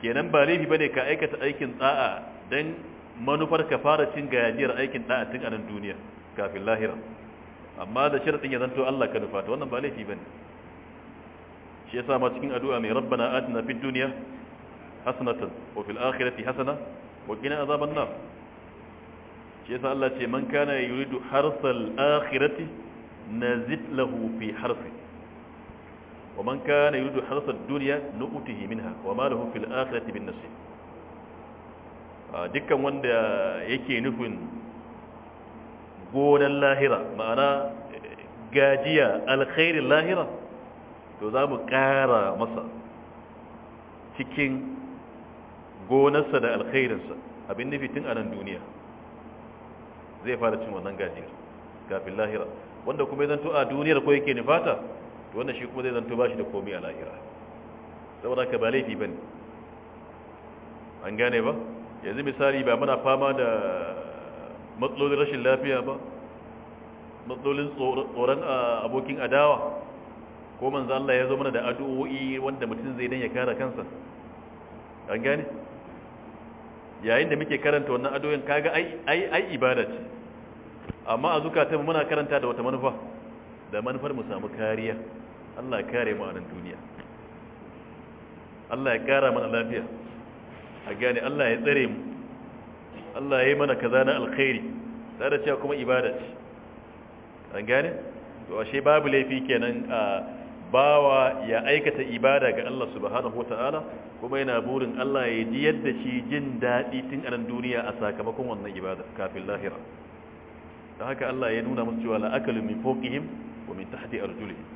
kenan ba laifi bane ka aikata aikin tsa'a don manufar ka fara cin gajiyar aikin tsa'a tun a nan duniya kafin lahira amma da sharadin ya zanto Allah ka nufa wannan ba laifi bane shi yasa ma cikin addu'a mai rabbana atina fid duniya hasanatan wa fil akhirati hasana wa qina azaban nar shi yasa Allah ce man kana yuridu harsal akhirati nazid lahu fi harsi wa man kana yuridu harsal dunya nu'tihi minha wa ma lahu fil akhirati bin nasib dukkan wanda yake nufin gonan lahira ma'ana gajiya alkhairin lahira to za mu ƙara masa cikin gonarsa da alkhairinsa abin nufi tun a nan duniya zai fara cin wannan gajiyar kafin lahira wanda kuma ya zanto a duniyar ko yake nufata to wanda shi kuma zai zanto ba shi da komai a lahira saboda ka ba laifi ba ne an gane ba yanzu misali ba muna fama da matsalolin rashin lafiya ba matsalolin tsoron abokin adawa ko manzo Allah ya zo mana da addu'o'i wanda mutum zai dan ya kara kansa an gane yayin da muke karanta wannan adoyin kaga ai ai ai ibada ce amma a mu muna karanta da wata manufa da manufar mu samu kariya Allah ya kare mu a nan duniya Allah ya kara mana lafiya a gane Allah ya tsare mu Allah ya yi mana kaza na alkhairi tare da cewa kuma ibada ce an gane to ashe babu laifi kenan a bawa ya aikata ibada ga Allah subhanahu ta’ala kuma yana burin Allah ya ji yadda shi jin daɗi tun a duniya a sakamakon wannan ibada kafin lahira da haka Allah ya nuna musu cewa la'akalu min fawqihim wa min tahti arjulihim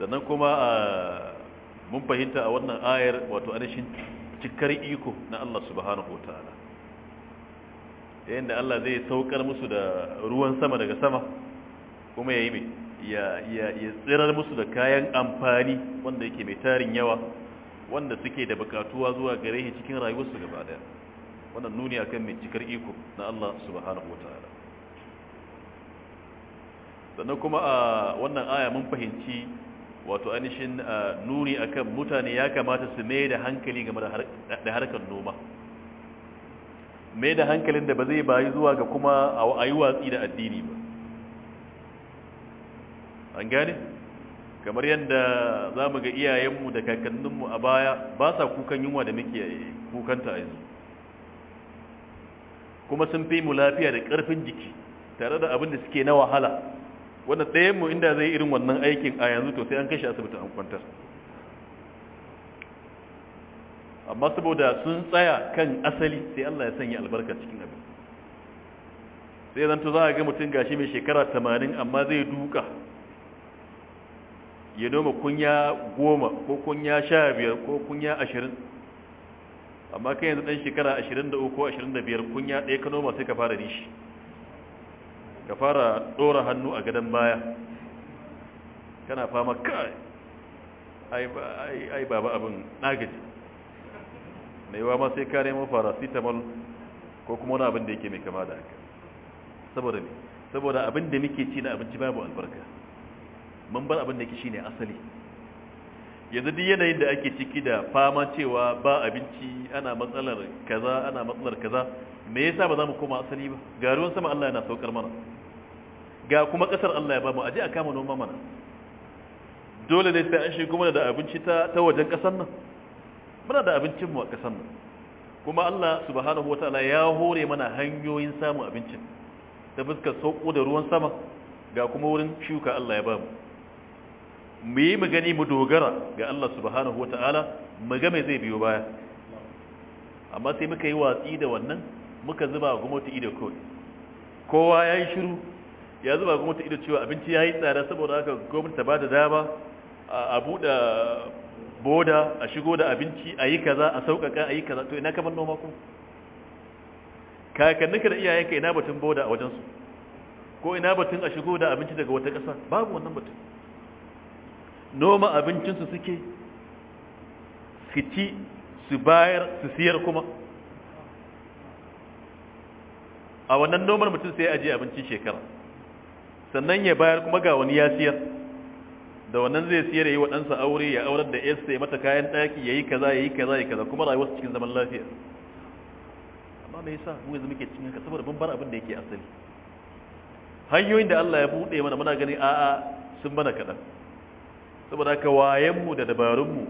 sannan kuma mun fahimta a wannan ayar wato anashin cikar iko na Allah subhanahu ta’ala yayin da Allah zai saukar musu da ruwan sama daga sama kuma yayi mai ya tsirar musu da kayan amfani wanda yake mai tarin yawa wanda suke da bukatuwa zuwa gare shi cikin rayuwarsu gaba daya wannan nuni akan mai cikar iko na Allah subhanahu wataala sannan kuma a wannan aya mun fahimci wato ainihin nuni akan mutane ya kamata su mai da hankali game da harkar noma mai da hankalin da ba zai bayi zuwa ga kuma a yi watsi da addini ba an gane kamar yadda za mu ga iyayenmu da kakanninmu a baya ba sa kukan yunwa da muke kukanta a yanzu kuma sun fi mu lafiya da ƙarfin jiki tare da abin da suke na wahala wanda ɗayanmu inda zai irin wannan aikin a yanzu to sai an kashe asibiti an kwantar amma saboda sun tsaya kan asali sai Allah ya sanya albarka cikin abin sai zanto za a ga mutum gashi mai shekara 80 amma zai duka ya noma kunya goma ko kunya sha biyar ko kunya ashirin amma kan yanzu ɗan shekara ashirin da uku ashirin da biyar kunya ɗaya ka noma sai ka fara rishi ka fara ɗora hannu a gadon baya kana fama kai ai baba abin nagaji na wa ma sai ka fara farasitamol ko kuma wani abin da yake mai kama da haka saboda ne saboda abin da muke ci na abinci babu albarka mun bar abin da yake shine asali yanzu duk yanayin da ake ciki da fama cewa ba abinci ana matsalar kaza ana matsalar kaza me yasa ba za mu koma asali ba ga ruwan sama Allah yana saukar mana ga kuma kasar Allah ya bamu aje a kama noma mana dole ne sai an shi kuma da abinci ta ta wajen kasar nan muna da abincin mu a kasar nan kuma Allah subhanahu wataala ya hore mana hanyoyin samun abincin ta fuskar sauko da ruwan sama ga kuma wurin shuka Allah ya bamu mu yi mu gani mu dogara ga Allah subhanahu ta'ala, mu ga mai zai biyo baya amma sai muka yi watsi da wannan muka zuba gwamnati ido kawai kowa ya yi shiru ya zuba gwamnati ido cewa abinci ya yi tsada saboda haka gwamnati ta ba da dama a buɗe boda a shigo da abinci a yi kaza a sauƙaƙa a yi kaza to ina kamar noma ko ka da ka ina batun boda a wajensu ko ina batun a shigo da abinci daga wata ƙasa babu wannan batun noma abincinsu suke su ci su bayar su siyar kuma a wannan nomar mutum sai ya ajiye abincin shekara sannan ya bayar kuma ga wani ya siyar da wannan zai siyar ya yi waɗansa aure ya aurar da yarsa ya mata kayan ɗaki ya yi kaza ya yi kaza ya kaza kuma rayuwar cikin zaman lafiya amma me yasa mu yanzu muke cikin haka saboda mun bar abin da yake asali hanyoyin da Allah ya buɗe mana muna gani a'a sun mana kaɗan saboda haka wayenmu da dabarunmu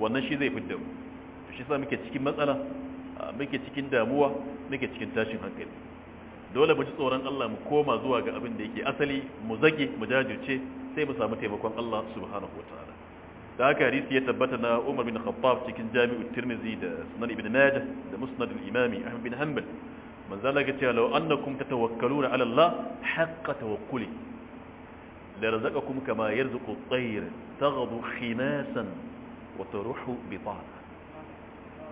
wannan shi zai fidda mu shi sa muke cikin matsala muke cikin damuwa muke cikin tashin hankali dole mu ji tsoron Allah mu koma zuwa ga abin da yake asali mu zage mu jajirce sai mu samu taimakon Allah subhanahu wataala da aka hadisi ya tabbata na Umar bin Khattab cikin jami'u Tirmidhi da Sunan Ibn Majah da Musnad al imami Ahmad bin Hanbal manzo Allah ya ce law annakum tatawakkaluna ala Allah haqqa tawakkuli da kuma kama yarzuqu at-tayr taghdu wata ruhu taruhu bitana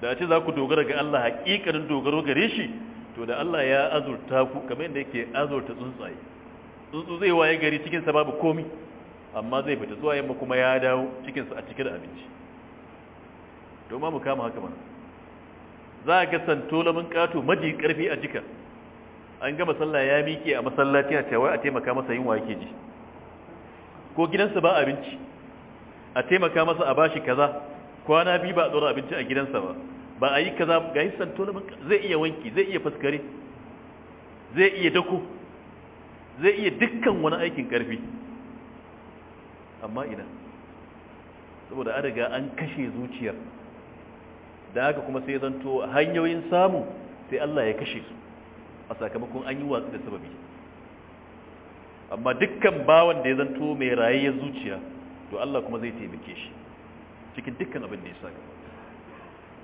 da ce za ku dogara ga Allah hakikanin dogaro gare shi to da Allah ya azurta ku kamar yadda yake azurta tsuntsaye tsuntsu zai waye gari cikin sa babu komi amma zai fita zuwa yamma kuma ya dawo cikin sa a cikin abinci to ma mu kama haka mana za ga santolamin kato maji karfi a jika an gama sallah ya miƙe a masallaci a cewa a taimaka masa yin wa yake ji ko gidansa ba abinci a taimaka masa a bashi kaza kwana biyu ba a tsoro abinci a gidansa ba ba a yi kaza ga yi tolamin zai iya wanki zai iya faskare zai iya dako zai iya dukkan wani aikin karfi amma ina saboda an riga an kashe zuciyar da haka kuma sai zanto hanyoyin samu sai Allah ya kashe su a sakamakon an yi watsi da sababi amma dukkan bawan da ya zanto mai rayayyar zuciya to Allah kuma zai taimake shi cikin dukkan abin da ya sa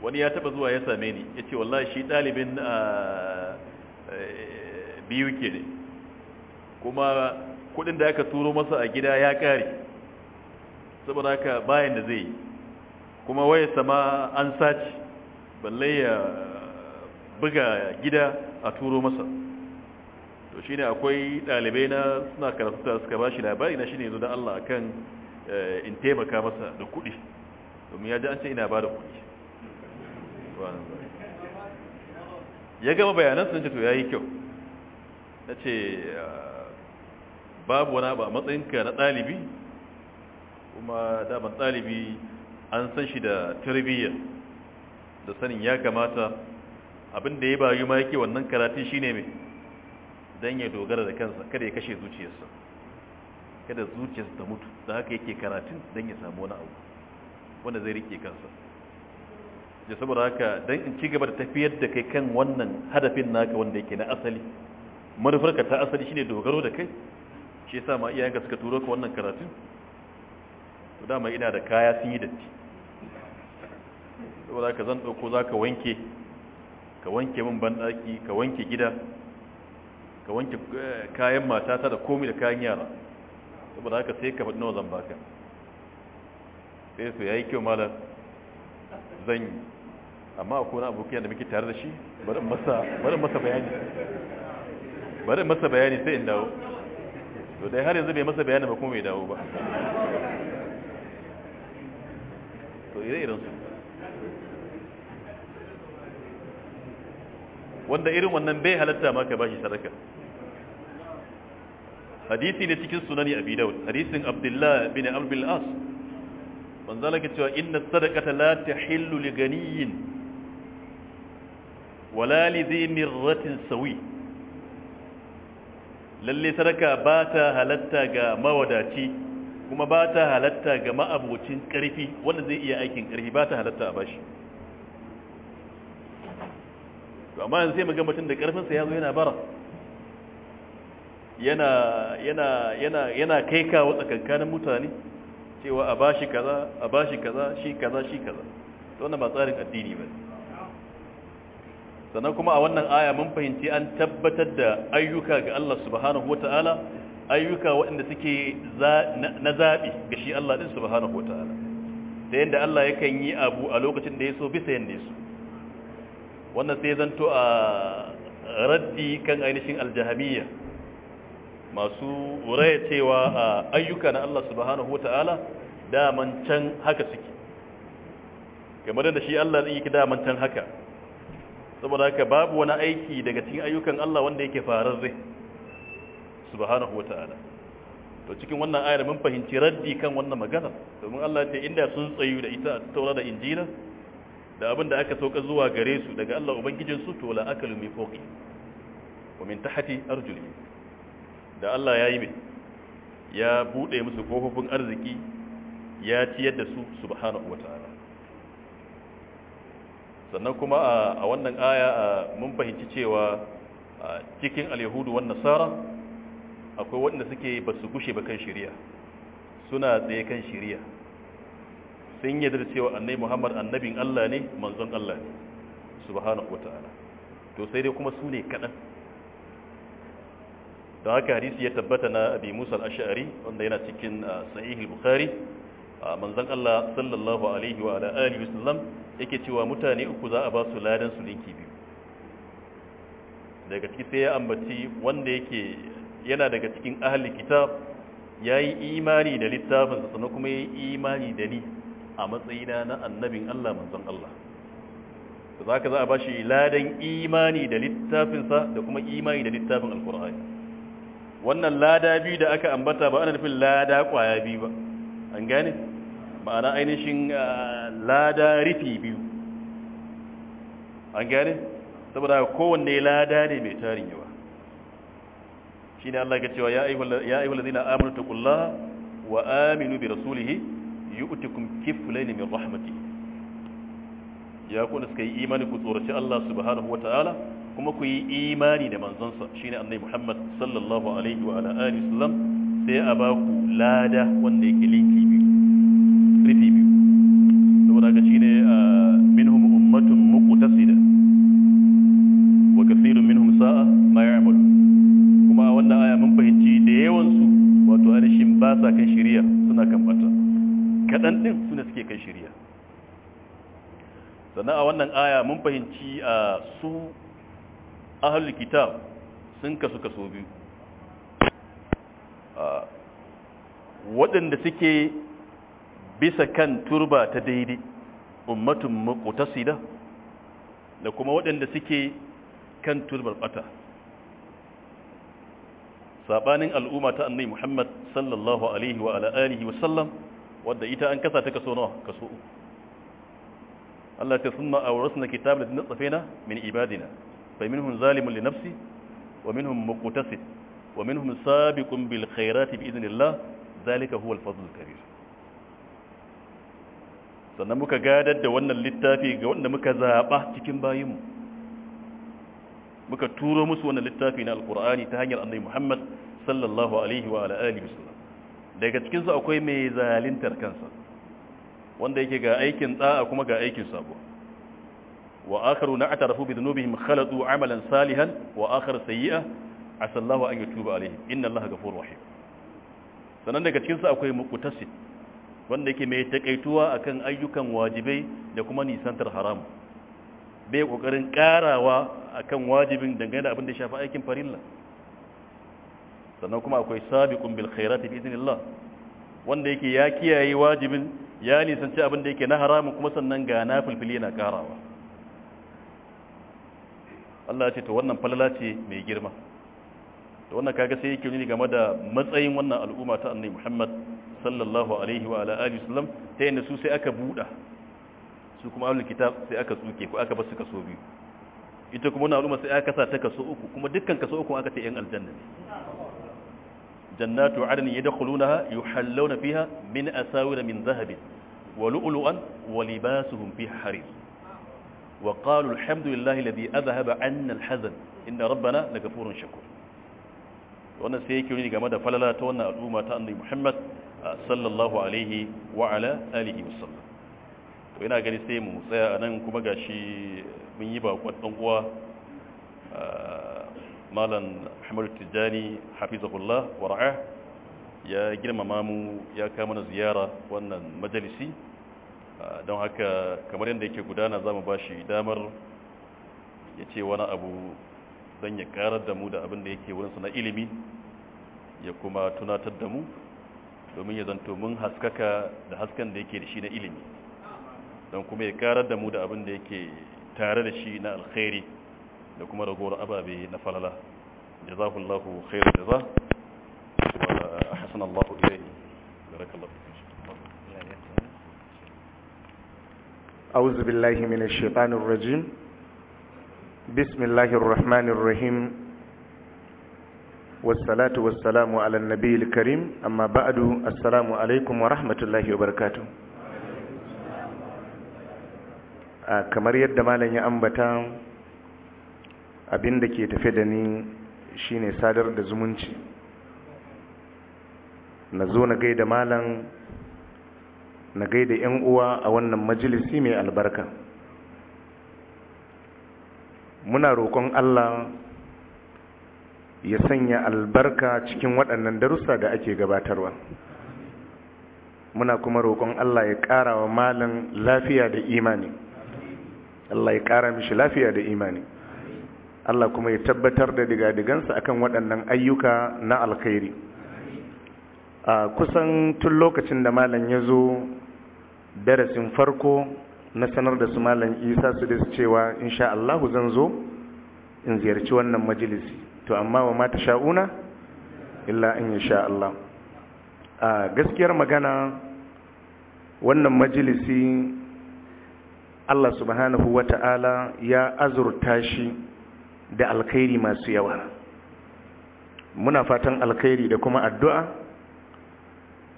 wani ya taba zuwa ya same ni ya ce wallahi shi ɗalibin ah, eh, biyu ke ne kuma kuɗin da aka turo masa a gida ya ƙare saboda haka bayan da zai yi kuma waya sama an sace balle ya buga gida a turo masa to ne akwai ɗalibai na suna karatu da suka ba shi labari na shine zo da Allah akan eh, in taimaka masa da kuɗi domin ya ji an ce ina ba da kuɗi ya gama bayanan sun ce to ya yi kyau na ce ah, babu wani ba matsayinka na ɗalibi kuma daban ɗalibi an san shi da tarbiyya da sanin ya kamata Abinda ya bayu ma yake wannan shi shine mai don ya dogara da kansa kada ya kashe zuciyarsa kada zuciyarsa ta mutu da haka yake karatun don ya samu wani abu wanda zai rike kansa ya saboda haka don in ci gaba da tafiyar da kai kan wannan hadafin naka wanda yake na asali manufarka ta asali shine dogaro da kai shi yasa ma iyayenka suka turo ka wannan karatun to dama ina da kaya sun yi datti saboda haka zan dauko zaka wanke ka wanke min banɗaki ka wanke gida ka wanke eh, kayan matata da komi da kayan yara saboda haka sai ka faɗi zan baka sai eh, su yayi kyau malam zan yi amma akwai wani abokin da muke tare da shi bari masa bayani bari masa bayani sai in dawo to dai har yanzu bai masa bayani ba kuma bai dawo ba to ire iren su wanda irin wannan bai halatta ma ka bashi sadaka hadisi ne cikin sunani abi daud hadisin abdullah bin amr bin as manzo Allah cewa inna sadaqata la tahillu li ganiyyin wala li dhi mirratin sawi lalle sadaka ba ta halatta ga mawadaci kuma ba ta halatta ga ma'abocin karfi wanda zai iya aikin karfi ba ta halatta a bashi to amma yanzu sai mu ga mutum da karfin sa yazo yana bara yana yana yana yana kai kawo tsakankanin mutane cewa a bashi kaza a bashi kaza shi kaza shi kaza to wannan ba tsarin addini ba sannan kuma a wannan aya mun fahimci an tabbatar da ayyuka ga Allah subhanahu wataala ayyuka waɗanda suke na zaɓi ga shi Allah din subhanahu wataala da yanda Allah yakan yi abu a lokacin da ya so bisa yanda ya so wannan sai zanto a raddi kan ainihin aljahamiya masu raya cewa a ayyuka na Allah subhanahu wa ta'ala daman can haka suke kamar da shi Allah zai yi daman can haka saboda haka babu wani aiki daga cikin ayyukan Allah wanda yake zai. subhanahu wa ta'ala to cikin wannan ayar mun fahimci raddi kan wannan magana domin Allah ya ce inda sun tsayu da ita a taura da injila da abin da aka sauka zuwa gare su daga Allah ubangijin su to la akalu mi fawqi wa min tahti arjuli da Allah ya yi mai ya bude musu kofofin arziki ya ciyar da su subhanahu wataala sannan kuma a wannan aya mun fahimci cewa cikin alyahudu wan nasara akwai wanda suke basu gushe ba kan shari'a suna tsaye kan shari'a sun yi da cewa annai muhammad annabin allah ne manzon allah ne subhanahu wa ta'ala to sai dai kuma su ne kaɗan da haka hadisi ya tabbata na abi musa al-ash'ari wanda yana cikin ah, sahih bukhari ah, manzon Allah sallallahu alaihi wa ala alihi wasallam yake cewa mutane uku za a ba su ladan su linki biyu daga ciki sai ya ambaci wanda yake yana daga cikin ahli kitab yi imani da littafin sa sannan kuma ya yi imani da ni a matsayina na annabin Allah manzon Allah da zaka za a bashi ladan imani da littafinsa da kuma imani da littafin alkur'ani wannan lada biyu da aka ambata ba ana nufin lada kwaya biyu ba an gane ma'ana ainihin lada rifi biyu an gane saboda kowanne lada ne mai tarin yawa shine Allah ya cewa ya ayyuhal ladina amanu kulla wa aminu bi rasulihi yu'tikum kiflayn min rahmati ya ku da suka yi imani ku tsoraci Allah subhanahu wataala kuma ku yi imani da manzonsa shine annabi Muhammad sallallahu alaihi wa ala alihi wasallam sai a ba ku lada wanda yake linki biyu rifi biyu saboda ga shine minhum ummatun muqtasida wa kathirun minhum sa'a ma ya'malu kuma wannan aya mun fahimci da yawan su wato ainihin ba sa kan kaɗan ɗin suna suke kai shirya sannan a wannan aya mun fahimci a su ahal kitab sun kasu kaso biyu waɗanda suke bisa kan turba ta daidai ummatun muqtasida da kuma waɗanda suke kan turbar bata sabanin al'umma ta annabi Muhammad sallallahu alaihi wa ala alihi wa sallam wadda ita an kasa ta kaso nawa kaso Allah ta summa awrasna kitab min ibadina fa minhun zalimun li nafsi wa minhum muqtasid wa minhum sabiqun bil khairati bi idnillah zalika huwa al sannan muka gadar da wannan littafi ga wanda muka zaba cikin bayinmu muka turo musu wannan littafi na alqur'ani ta hanyar annabi Muhammad sallallahu alaihi wa ala alihi wasallam daga cikinsu akwai mai zalintar kansa wanda yake ga aikin da'a kuma ga aikin sabo wa akharu na atarafu bi dhunubihim khalatu amalan salihan wa akhar sayyi'a asallahu an yatuba alaihim inna allaha ghafurur rahim sanan daga cikinsu akwai muqtasid wanda yake mai takaituwa akan ayyukan wajibai da kuma nisantar haram bai kokarin karawa akan wajibin dangane da abin da ya shafi aikin farilla sannan kuma akwai sabiqun bil khairati bi idnillah wanda yake ya kiyaye wajibin ya nisanci abin da yake na haramun kuma sannan ga nafilfili yana karawa Allah ya ce to wannan falala ce mai girma to wannan kaga sai yake nuni game da matsayin wannan al'umma ta annabi Muhammad sallallahu alaihi wa ala alihi wasallam ta yanda su sai aka buda su kuma ahlul kitab sai aka tsuke ko aka basu kaso biyu ita kuma wannan al'umma sai aka kasa ta kaso uku kuma dukkan kaso uku aka ta yan aljanna ne جنات عدن يدخلونها يحلون فيها من أساور من ذهب ولؤلؤا ولباسهم فيها حرير وقالوا الحمد لله الذي أذهب عنا الحزن إن ربنا لغفور شكور wannan sai yake ne game da falala ta wannan al'umma ta annabi Muhammad sallallahu alaihi to ina gani sai mu tsaya anan kuma gashi mun yi bakon dan uwa malam hamadu tijjani hafizahullah wara'a ya girmama mu ya kama na ziyara wannan majalisi don haka kamar yadda yake gudana za mu ba shi damar ya ce wani abu don ya karar da mu da abin da yake wurinsa na ilimi ya kuma tunatar da mu domin ya zanto mun haskaka da hasken da yake da shi na ilimi don kuma ya karar da mu da abin da yake tare da shi na alkhairi da kuma ragowar ababe na falala da za ku lafi khairu da za a hasan allahu ilai da raka lafi billahi min wasalatu wasalamu ala nabi karim amma ba'adu assalamu alaikum wa rahmatullahi wa barakatun ah, kamar yadda malam ya ambata abin da ke tafe da ni shine sadar da zumunci na zo na gaida malam na gaida 'yan uwa a wannan majalisi mai albarka muna roƙon allah ya sanya albarka cikin waɗannan darussa da ake gabatarwa muna kuma roƙon allah ya ƙara wa malam lafiya da imani allah ya ƙara mishi lafiya da imani Allah kuma ya tabbatar da digadigansa akan waɗannan ayyuka na alkhairi a kusan tun lokacin da malam ya zo darasin farko na sanar da su malam isa su da su cewa insha zan zo in ziyarci wannan majalisi to amma wa mata sha'una illa in sha Allah a gaskiyar magana wannan majalisi Allah subhanahu wa ta'ala ya azurta shi da alkhairi masu yawa muna fatan alkhairi da kuma addu'a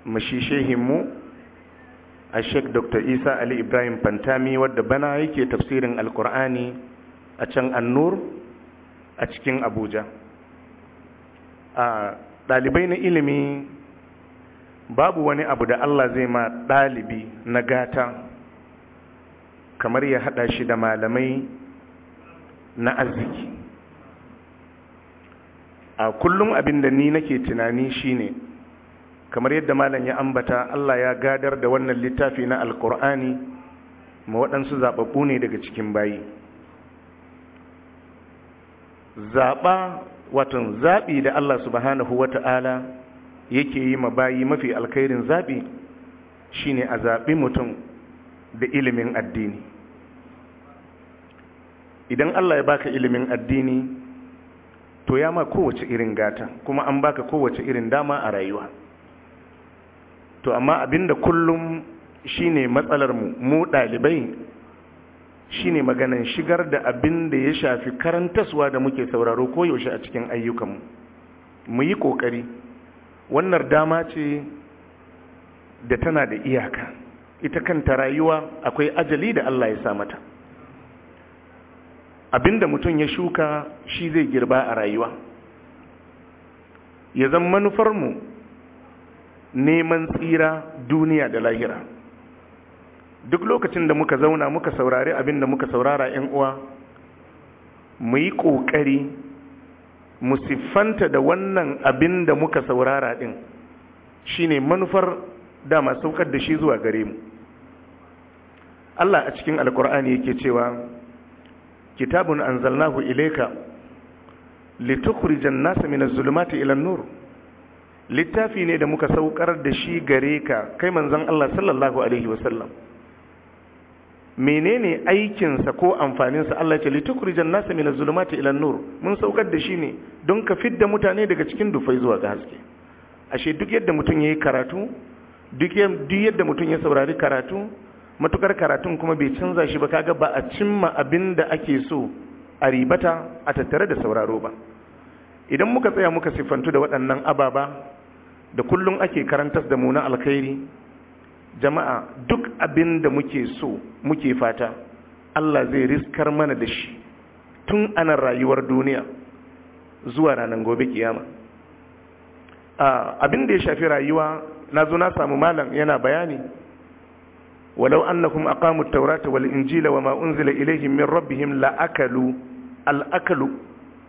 mashi shehinmu a sheik dr isa ali ibrahim fantami wadda bana yake tafsirin alkur'ani a can annur a cikin abuja a ɗalibai na ilimi babu wani abu da allah zai ma ɗalibi na gata kamar ya haɗa shi da malamai na arziki a kullum abin da ni nake tunani shine kamar yadda malam ya ambata Allah ya gadar da wannan littafi na alkur'ani ma waɗansu zaɓaɓɓu ne daga cikin bayi zaɓa watan zaɓi da Allah subhanahu wa ta'ala yake yi ma bayi mafi alkhairin zaɓi shine a zaɓi mutum da ilimin addini idan Allah ya baka ilimin addini to ya ma kowace irin gata kuma an baka kowace irin dama a rayuwa to amma abinda kullum shine matsalar mu mu dalibai shine maganan shigar da abin da ya shafi karantaswa da muke sauraro ko yaushe a cikin ayyukanmu mu yi kokari wannan dama ce da tana da iyaka ita kanta rayuwa akwai ajali da Allah ya sa mata abinda mutum ya shuka shi zai girba a rayuwa ya zan manufarmu neman tsira duniya da lahira duk lokacin da muka zauna muka saurari abinda muka saurara 'yan uwa mu yi ƙoƙari mu siffanta da wannan abin da muka saurara ɗin shine manufar dama saukar da shi zuwa gare mu Allah a cikin alkur'ani yake cewa kitabun anzalnahu ilayka litukhrijan nasa minaz zulumati ila nur littafi ne da muka saukar da shi gare ka kai manzon Allah sallallahu alaihi wasallam menene aikinsa ko amfaninsa Allah ce litukhrijan nasa minaz zulumati ila nur mun saukar da shi ne don ka fidda mutane daga cikin dufai zuwa ga haske ashe duk yadda mutum yayi karatu duk yadda mutum ya saurari karatu matukar karatun kuma bai canza shi ba kaga ba a cimma abin da ake so a ribata a tattare da sauraro ba idan muka tsaya muka siffantu da waɗannan ababa da kullum ake karantar da mu na alkhairi jama'a duk abin da muke so muke fata Allah zai riskar mana da shi tun ana rayuwar duniya zuwa ranar gobe kiyama ah, abin da ya shafi rayuwa na zo na samu malam yana bayani ولو أنهم أقاموا التوراة والإنجيل وما أنزل إليهم من ربهم لأكلوا الأكل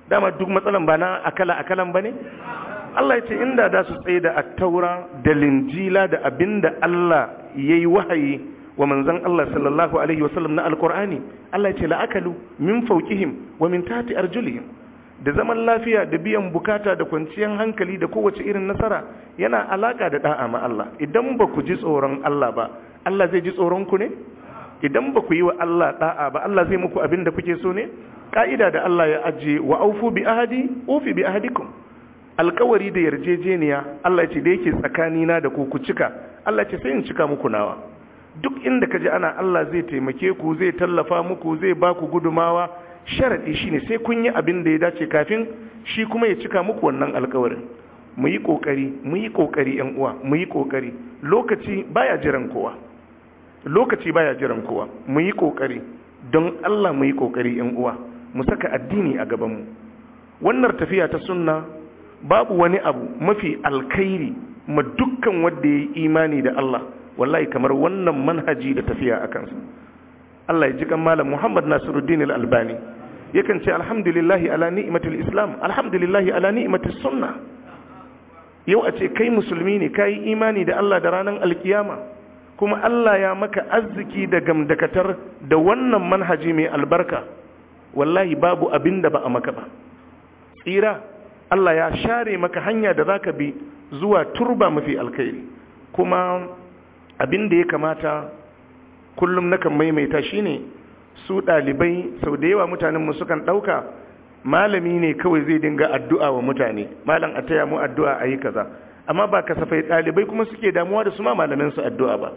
دام دوك مثلا بنا أكل أكلا بني Allah ce inda da su tsaye da attaura da linjila da abinda Allah ya yi wahayi wa manzan Allah sallallahu Alaihi wasallam na alkur'ani Allah ce la'akalu min him wa min tati arjulihim da zaman lafiya da biyan bukata da kwanciyar hankali da kowace irin nasara yana alaka da da'a ma Allah idan ba ku ji tsoron Allah ba Allah zai ji tsoron ku ne idan ba ku yi wa Allah ɗa'a, ba Allah zai muku abin da kuke so ne Ƙa'ida da Allah ya ajiye wa aufu bi ahadi ofi bi ahadikun. alkawari da yarjejeniya Allah ce da yake tsakanina da ku ku cika Allah ce sai in cika muku nawa duk inda ka ji ana Allah zai taimake ku zai tallafa muku zai ba ku gudumawa sharadi shine sai kun yi abin da ya dace kafin shi kuma ya cika muku wannan alkawarin mu yi ƙoƙari, mu yi ƙoƙari yan uwa mu yi ƙoƙari. lokaci baya jiran kowa lokaci baya jiran kowa mu yi kokari don Allah mu yi kokari yan uwa mu saka addini a gaban mu wannan tafiya ta sunna babu wani abu mafi alkhairi ma dukkan wanda ya yi imani da Allah wallahi kamar wannan manhaji da tafiya a kansa Allah ya ji kan malam Muhammad Nasiruddin Al-Albani yakan ce alhamdulillahi ala ni'matil islam alhamdulillahi ala ni'matis sunna yau a ce kai musulmi ne kai imani da Allah da ranar alkiyama kuma Allah ya maka arziki da gamdakatar da wannan manhaji mai albarka wallahi babu abin da ba a maka ba tsira Allah ya share maka hanya da zaka bi zuwa turba mafi alkhairi kuma abin da ya kamata kullum nakan maimaita shine su dalibai sau da yawa mutanen mu sukan dauka malami ne kawai zai dinga addu'a wa mutane malam a taya mu addu'a ayi kaza amma ba kasafai ɗalibai kuma suke damuwa da su ma malamin addu'a ba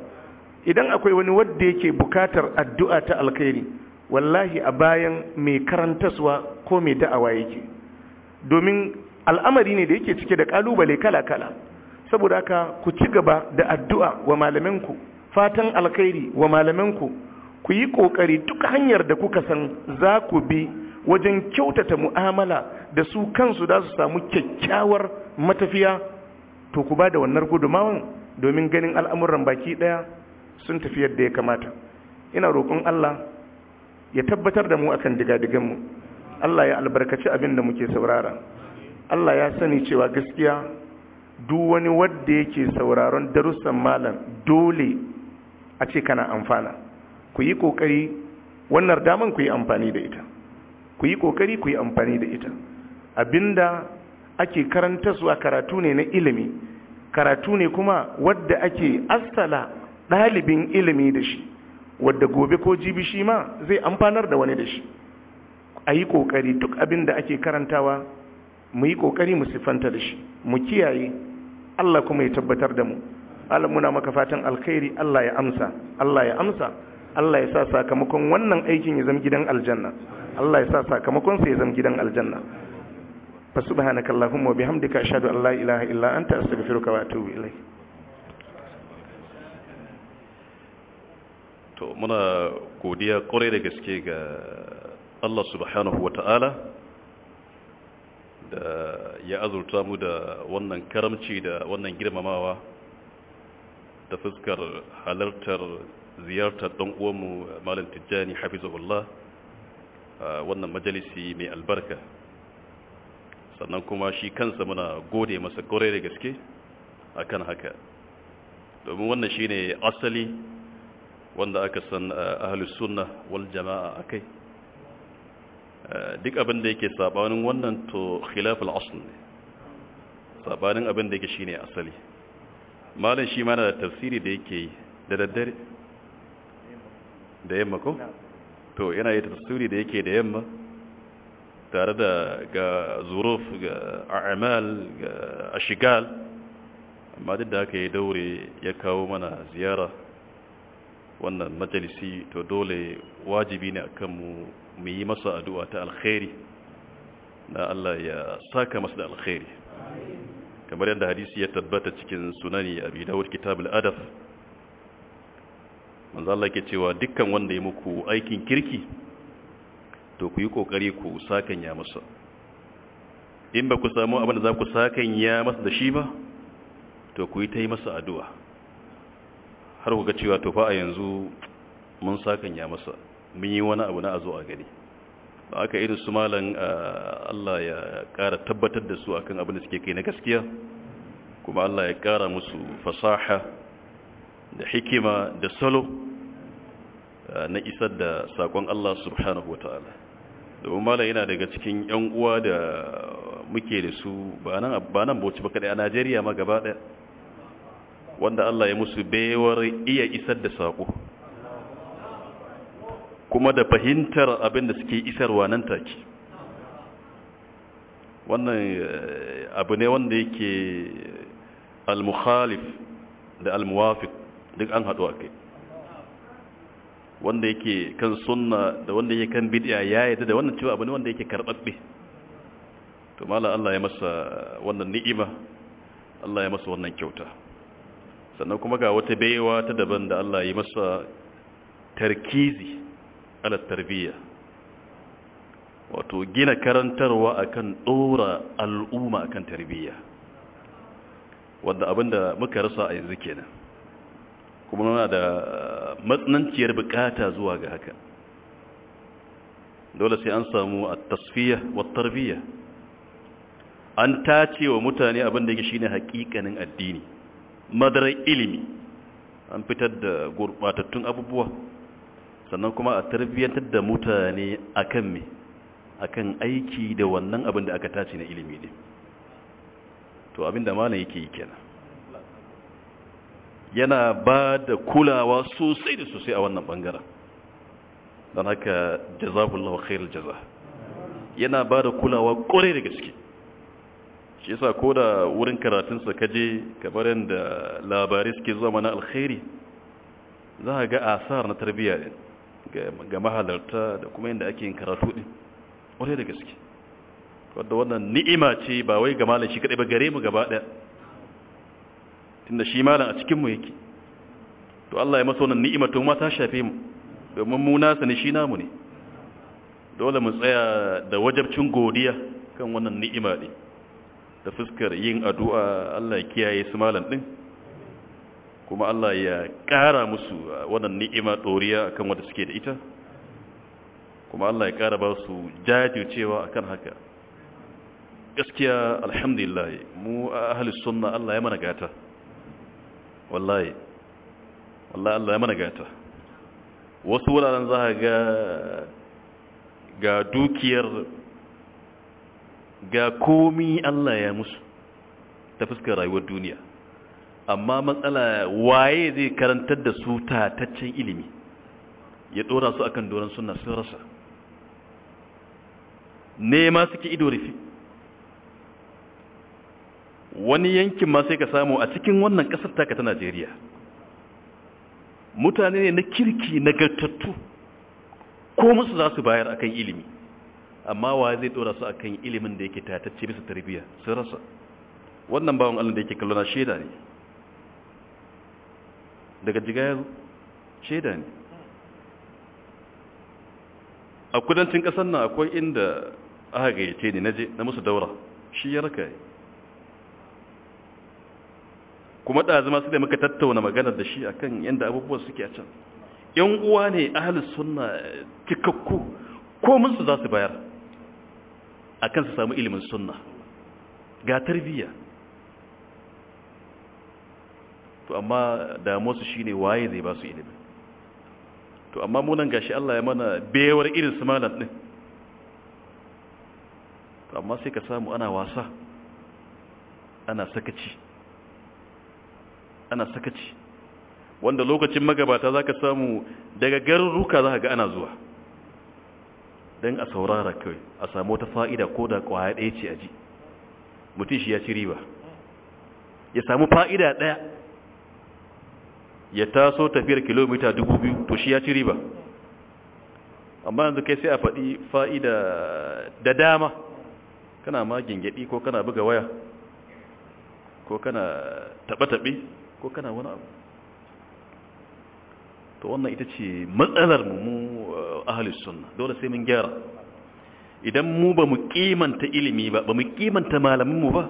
idan akwai wani wanda yake buƙatar addu'a ta alkhairi wallahi a bayan mai karantaswa ko mai da'awa yake domin al'amari ne da yake cike da ƙalubale kala-kala saboda haka ku ci gaba da addu'a wa malamanku fatan alkhairi wa malaminku, ku yi ƙoƙari duk hanyar da kuka san za ku bi wajen kyautata mu'amala da su kansu za su samu kyakkyawar matafiya to ku ba da wannan gudumawan domin ganin al'amuran baki ɗaya sun tafi yadda ya kamata ina roƙon Allah ya tabbatar da mu akan mu. Allah ya albarkaci abin da muke saurara Allah ya sani cewa gaskiya duk wani wanda yake sauraron darussan malam dole a ce kana amfana ku yi kokari wannan daman ku yi amfani da ita ku yi kokari ku yi amfani da ita abinda ake a karatu ne na ilimi karatu ne kuma wadda ake asala ɗalibin ilimi da shi wadda gobe ko jibi shi ma zai amfanar da wani da shi a yi ƙoƙari duk abin da ake karantawa mu yi ƙoƙari mu siffanta da shi mu kiyaye Allah kuma ya tabbatar da mu Allah muna maka fatan alkhairi Allah ya amsa Allah ya amsa Allah ya sa sakamakon wannan aikin ya zama gidan aljanna Allah ya sa sakamakon sa ya zama gidan aljanna fa subhanaka allahumma wa bihamdika ashhadu an la ilaha illa anta astaghfiruka wa atubu ilayk to muna godiya kwarai da gaske ga Allah subhanahu wa ta'ala da ya azurta mu da wannan karamci da wannan girmamawa da fuskar halartar ziyartar ɗan uwanmu malam tijjani hafizahullah wannan majalisi mai albarka sannan kuma shi kansa muna gode masa kore da gaske akan haka domin wannan shi ne asali wanda aka san eh, ahalus sunna wal jama'a kai eh, duk abin da yake sabanin wannan to khilaful asl ne sabanin abin da yake ne asali malam shi ma na da tafsiri da yake yi da daddare da yamma ko to yana yi tafsiri da yake da yamma tare da ga zuruf ga a'amal ga ashigal amma duk da haka yi daure ya kawo mana ziyara wannan majalisi to dole wajibi ne akan mu mu yi masa addu'a ta alkhairi na Allah ya saka masa da alkhairi kamar yadda hadisi ya tabbata cikin sunani abi dawud kitabul adab manzo Allah ke cewa dukkan wanda ya muku aikin kirki to ku yi kokari ku sakanya masa in ba ku samu abin da za ku sakanya masa da shi ba to ku yi ta yi masa addu'a har ku ga cewa to fa a yanzu mun sakanya masa mun yi wani abu na azo a gani ba aka irin su malan ah, Allah ya ƙara tabbatar da su akan abin da suke kai na gaskiya kuma Allah ya ƙara musu fasaha da hikima da salo ah, na isar da sakon Allah subhanahu wa ta'ala domin malam yana daga cikin yan uwa da muke da su ba nan ba nan bauchi ba kadai a Najeriya ma gaba daya wanda Allah ya musu bewar iya isar da sako kuma da fahimtar abin da suke isarwa nan take wannan eh, abu ne wanda yake al-mukhalif da al-muwafiq duk an haɗu a kai wanda yake kan sunna da wanda yake kan bid'a ya yadda da wannan cewa abu ne wanda yake karbabbe to mallan Allah ya masa wannan ni'ima Allah ya masa wannan kyauta sannan kuma ga wata baiwa ta daban da Allah ya masa tarkizi ala tarbiyya wato gina karantarwa akan dora al'umma akan tarbiyya wanda abinda muka rasa a yanzu kenan kuma muna da matsananciyar bukata zuwa ga haka dole sai an samu a tasfiya wa tarbiyya an tace wa mutane abin da shi shine hakikanin addini madarar ilimi an fitar da gurbatattun abubuwa sannan kuma a tarbiyyantar da mutane akan me kan aiki da wannan abin da aka tace na ilimi ne to abin da malam yake yi kenan yana ba da kulawa sosai da sosai a wannan bangaren don haka jazabullahu khairul jaza yana ba da kulawa kore da gaske shi yasa ko da wurin karatunsa kaje kamar yadda labarai suke zama na alkhairi za a ga asar na tarbiyya ne ga mahalarta da kuma yadda ake yin karatu din kore da gaske wadda wannan ni'ima ce ba wai ga malam shi kaɗai ba gare mu gaba ɗaya tunda shi malam a cikin mu yake to Allah ya masa wannan ni'ima to ma ta shafe mu domin mu nasa ne shi namu ne dole mu tsaya da wajabcin godiya kan wannan ni'ima ne da fuskar yin addu'a Allah ya kiyaye su malam din kuma Allah ya ƙara musu wannan ni'ima a akan wanda suke da ita kuma Allah ya ƙara ba su jajircewa akan haka gaskiya alhamdulillah mu ahli sunna Allah ya mana gata wallahi wallahi Allah ya mana gata wasu wuraren za ga ga dukiyar ga komi Allah ya musu ta fuskar rayuwar duniya amma matsala waye zai karantar da su tataccen ilimi ya dora su akan doron suna sun rasa nema suke ido rufi wani yankin ma sai ka samu a cikin wannan kasar taka ta Najeriya mutane ne na kirki na gartattu ko musu za su bayar akan ilimi amma wa zai dora su akan ilimin da yake tatacce bisa tarbiyya sun rasa wannan bawan Allah da yake kallo na shaida ne daga jigayar shaida ne a kudancin kasar nan akwai inda aka gayyace ne na musu daura shi ya raka yi kuma zama su da muka tattauna maganar da shi a kan yadda abubuwan suke a can yan uwa ne ahalus sunna cikakku ko minsu za su bayar a kan su samu ilimin sunna ga tarbiyya to amma damuwarsu ne waye zai ba su ilimin to amma munan gashi Allah ya mana bewar irin su malam ɗin to amma sai ka samu ana wasa ana sakaci ana sakaci wanda lokacin magabata za ka samu daga garuruka za ga ana zuwa don a saurara kai a samu wata fa'ida ko da kwaya ɗaya ce a ji mutum shi ya ci riba ya samu fa'ida ɗaya ya taso tafiyar kilomita dubu biyu to shi ya ci riba amma yanzu kai sai a faɗi fa'ida da dama kana ma gyaɗi ko kana buga waya ko kana taɓe-taɓe ko kana wani abu to wannan ita ce matsalar mu eh, ahalus sunna dole sai mun gyara idan mu ba mu kimanta ilimi ba ba mu kimanta malamin mu ba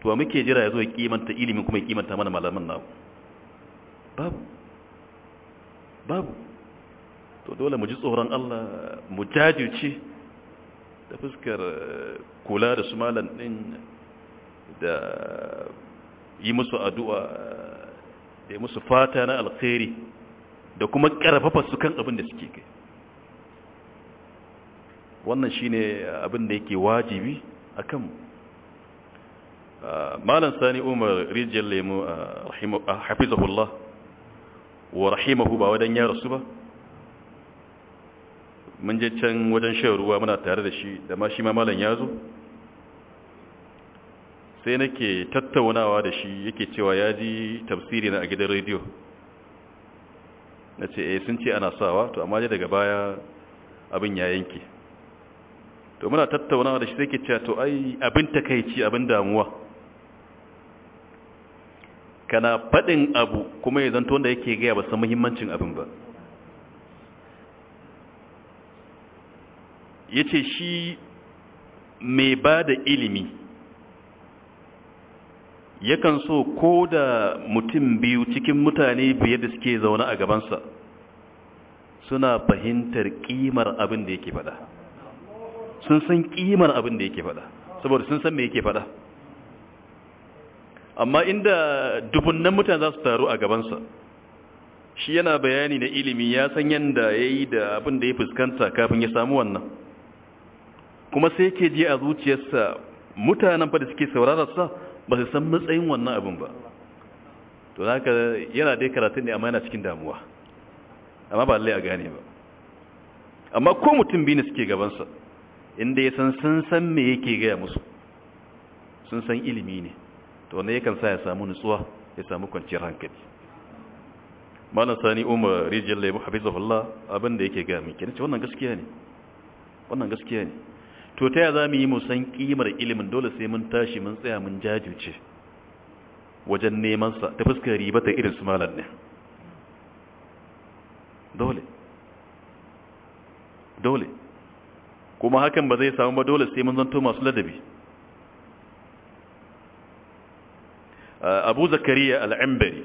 to muke jira ya zo ya kimanta ilimin kuma ya kimanta mana malamin namu babu babu to dole mu ji tsoron Allah mu jajirce da fuskar eh, kula da su malam din da yi musu addu'a da yi musu fata na alkhairi da kuma ƙarfafa su kan abin da suke kai wannan shi ne abin da yake wajibi a kan malan sani umar rijiyar lemu a hafizahullah wa rahimahu ba wadan ya rasu ba mun je can wajen shan ruwa muna tare da shi da ma shi ma malam ya zo sai nake tattaunawa da shi yake cewa ya ji tafsiri na a gidan rediyo na ce eh sun ce ana sawa to amma daga baya abin ya yanke to muna tattaunawa da shi sai ke cewa to ai abin takaici abin damuwa kana faɗin abu kuma ya zanto wanda yake gaya ba san muhimmancin abin ba ya ce shi mai ba da ilimi yakan so ko da mutum biyu cikin mutane biyar da suke zaune a gabansa suna fahimtar kimar abin da yake fada sun san kimar abin da yake fada saboda sun san me yake fada amma inda dubunnan mutane za su taru a gabansa shi yana bayani na ilimi ya san yadda ya yi da abin da ya fuskanta kafin ya samu wannan kuma sai ke ji a zuciyarsa mutanen fa da suke saurararsa ba su san matsayin wannan abin ba to ka yana dai karatun ne amma yana cikin damuwa amma ba lallai a gane ba amma ko mutum biyu ne suke gabansa inda ya san sun san me yake gaya musu sun san ilimi ne to wanda yakan sa ya samu nutsuwa ya samu kwanciyar hankali malam sani umar rijiyar laibu hafizahullah abin da yake gaya mai kenan wannan gaskiya ne wannan gaskiya ne to ta za mu yi musan ƙimar ilimin dole sai mun tashi mun tsaya mun jajuce wajen nemansa ta fuskar riba ta irin su malar ne dole dole kuma hakan ba zai samu ba dole sai mun zanto masu ladabi abu zakariya al'ambari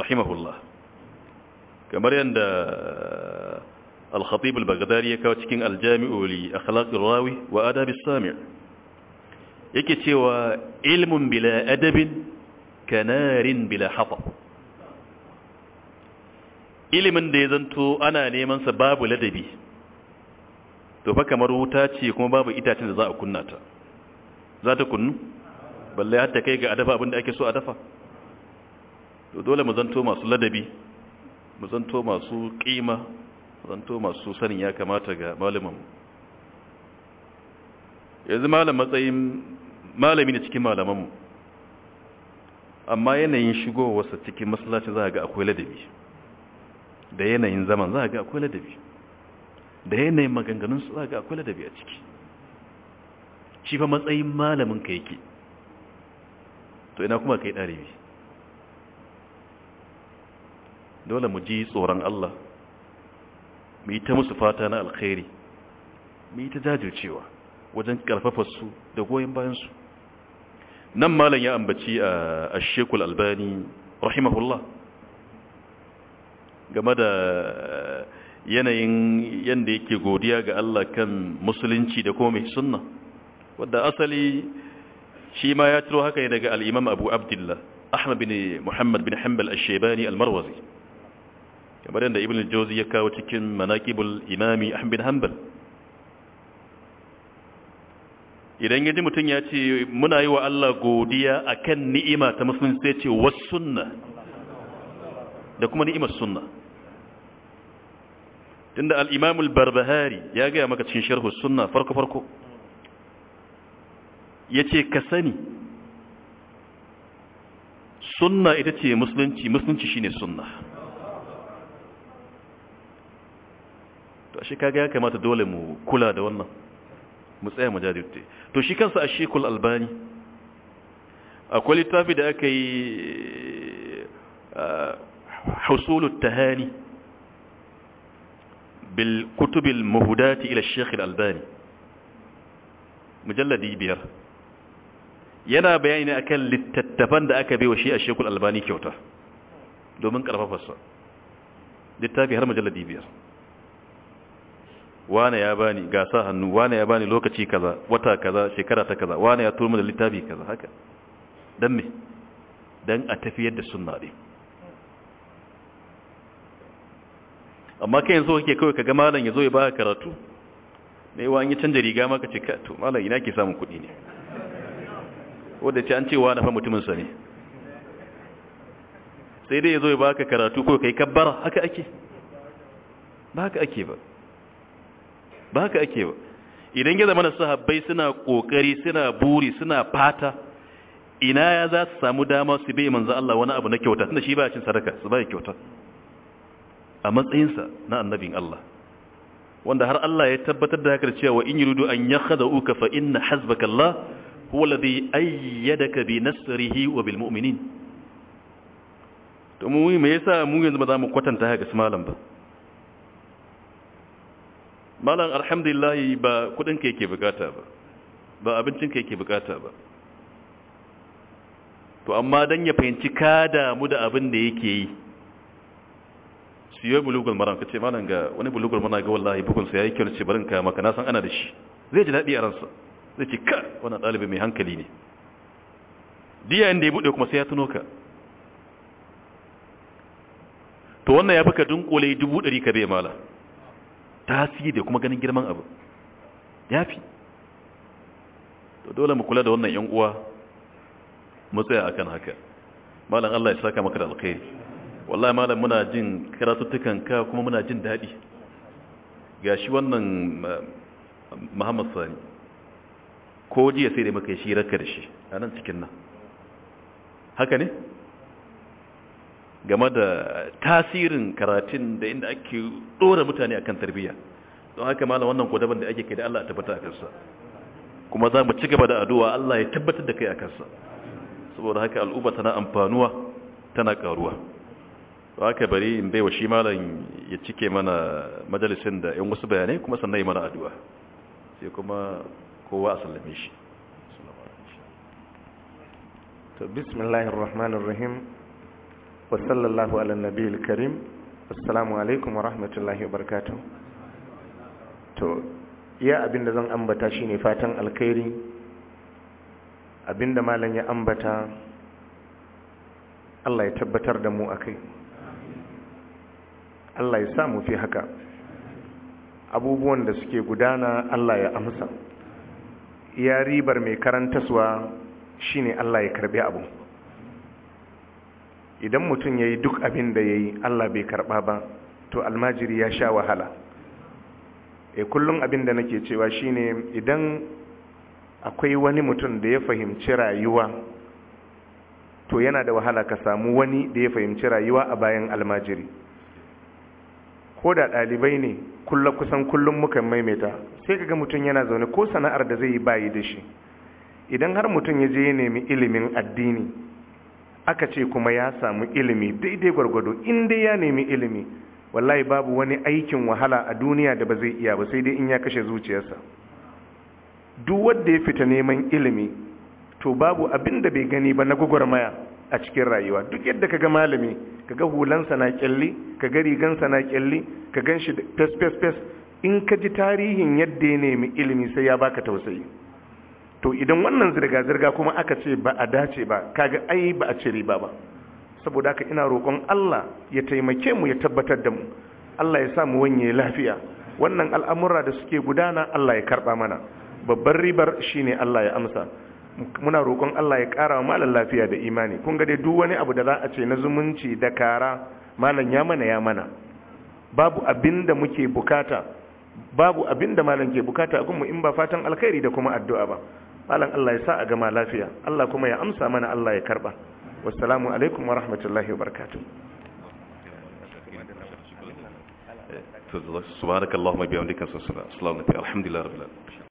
rahimahullah kamar yadda al-khatib al ya kawo cikin al-jami'u rawi wa yake cewa ilmun bila adabin kanarin bila hafa ilimin da ya zanto ana neman sa babu ladabi to fa kamar wuta ce kuma babu itacin da za a kunna ta za ta kunnu balle har kai ga adafa abin da ake so a dafa to dole mu zanto masu ladabi mu zanto masu kima zanto masu sanin ya kamata ga malamin yanzu malam matsayin malami ne cikin malamanmu amma yanayin shigowarsa cikin masallaci za a ga akwai ladabi da yanayin zaman za a ga akwai ladabi da yanayin maganganunsu za a ga akwai ladabi a ciki shi fa matsayin malamin ka yake to ina kuma kai ɗalibi dole mu ji tsoron Allah Mai ta musu fata na alkhairi mai ta jajircewa wajen su da goyon bayansu nan malam ya ambaci a ashekul albani rahimahullah game da yanayin yadda yake godiya ga Allah kan musulunci da kuma mai sunna wadda asali shi ma ya ciro haka ne daga al'imam abu abdullah ahmad bin muhammad bin hanbal ashebani almarwazi kamar yadda ibn jozi ya kawo cikin manakibul imami ahmad hanbal idan yaji mutum ya ce muna yi wa Allah godiya akan ni'ima ta musulunci sai ce was sunna da kuma ni'imar sunna tunda al-imam al-barbahari ya gaya maka cikin sharh sunna farko farko yace ka sani sunna ita ce musulunci musulunci shine sunna to shi kaga ya kamata dole mu kula da wannan mu tsaya mu jajirce to shi kansa a shekul albani akwai littafi da aka yi eh, husulun tahani bil kutubil muhudati ila shekul albani mujalladi biyar yana bayani akan littattafan da aka baiwa shi a shekul albani kyauta domin karfafarsa littafi har mujalladi biyar wane ya bani gasa hannu wane ya bani lokaci kaza wata kaza shekara ta kaza wane ya turmi da littafi kaza haka dan me dan a tafiyar da sunna ne amma kai yanzu kake kawai kaga malam yazo ya baka karatu ne wa an yi canja riga maka ce to malam ina ke samun kuɗi ne wanda ce an wa na fa mutumin sa ne sai dai yazo ya baka karatu ko kai kabbara haka ake ba haka ake ba ba haka ake ba idan ya zama da sahabbai suna kokari suna buri suna fata ina ya za su samu dama su bai manzo Allah wani abu na kyauta tunda shi ba cin sadaka su bai kyauta a matsayinsa na annabin Allah wanda har Allah ya tabbatar da haka cewa in yuridu an yakhda'uka fa inna hasbaka Allah huwa alladhi ayyadaka bi nasrihi wa bil mu'minin to mu me yasa mu yanzu ba za mu kwatanta haka su malam ba malam alhamdulillah ba kudin ka yake bukata ba ba abincin ka yake bukata ba to amma dan ya fahimci ka damu da abin da yake yi siyo bulugul maran kace malam ga wani bulugul mana ga wallahi bukun sa yake ce barin ka maka na san ana da shi zai ji dadi a ransa zai ce ka wannan dalibi mai hankali ne diya inda ya bude kuma sai ya tuno ka to wannan ya fi ka dunkule dubu ɗari ka bai mala tasiri da kuma ganin girman abu ya fi to dole mu kula da wannan yan uwa mu tsaya akan haka malam Allah ya saka maka da alkhairi wallahi malam muna jin karatuttukan ka kuma muna jin dadi gashi wannan Muhammad Sani ko jiya sai da muka yi shi rakar shi a nan cikin nan haka ne game da tasirin karatun da inda ake dora mutane akan tarbiyya don haka malam wannan kodaban da ake kai da Allah ya tabbata a kansa kuma za mu ci gaba da addu'a Allah ya tabbatar da kai a kansa saboda haka al'umma tana amfanuwa tana karuwa don haka bari in baiwa shi malam ya cike mana majalisin da yan wasu bayanai kuma sannan yi mana addu'a sai kuma kowa a sallame shi to bismillahir rahmanir rahim وصلى الله على النبي الكريم السلام عليكم ورحمة الله وبركاته to ya abinda zan ambata shine fatan alkhairi abinda malam ya ambata Allah ya tabbatar da mu akai Allah ya haka abubuwan da suke gudana Allah ya amsa ya ribar mai karantaswa shine Allah ya karbi abu idan mutum ya yi duk abin da ya yi allah bai karɓa ba to almajiri ya sha wahala e kullum abin da nake cewa shine idan akwai wani mutum da ya fahimci rayuwa to yana da wahala ka samu wani da ya fahimci rayuwa a bayan almajiri ko da ɗalibai ne kulla kusan kullum muka maimaita sai kaga mutum yana zaune ko sana'ar da zai yi bayi da shi idan har mutum ya je ya nemi ilimin addini aka ce kuma ya samu ilimi daidai gwargwado in dai ya nemi ilimi wallahi babu wani aikin wahala a duniya da ba zai iya ba sai dai in ya kashe zuciyarsa duk wanda ya fita neman ilimi to babu abin da bai gani ba na gwagwarmaya a cikin rayuwa duk yadda ka ga malami ga hulansa na kyalli ga rigansa na kyalli ka gan shi fes fes fes in ka ji tarihin yadda ya nemi ilimi sai ya baka tausayi to idan wannan zirga-zirga kuma aka ce ba a dace ba kaga ai ba a ce riba ba saboda haka ina roƙon Allah ya taimake mu ya tabbatar da mu Allah ya sa mu wanye lafiya wannan al'amura da suke gudana Allah ya karba mana babbar ribar shine Allah ya amsa muna roƙon Allah ya ƙara wa malam lafiya da imani kun ga dai duk wani abu da za a ce na zumunci da kara malam ya mana ya mana babu abin da muke bukata babu abin da malam ke bukata a mu in ba fatan alkhairi da kuma addu'a ba malam Allah ya sa a gama lafiya Allah kuma ya amsa mana Allah ya karba wassalamu alaikum wa rahmatullahi wa barakatuh subhanakallahumma bihamdika rabbil alamin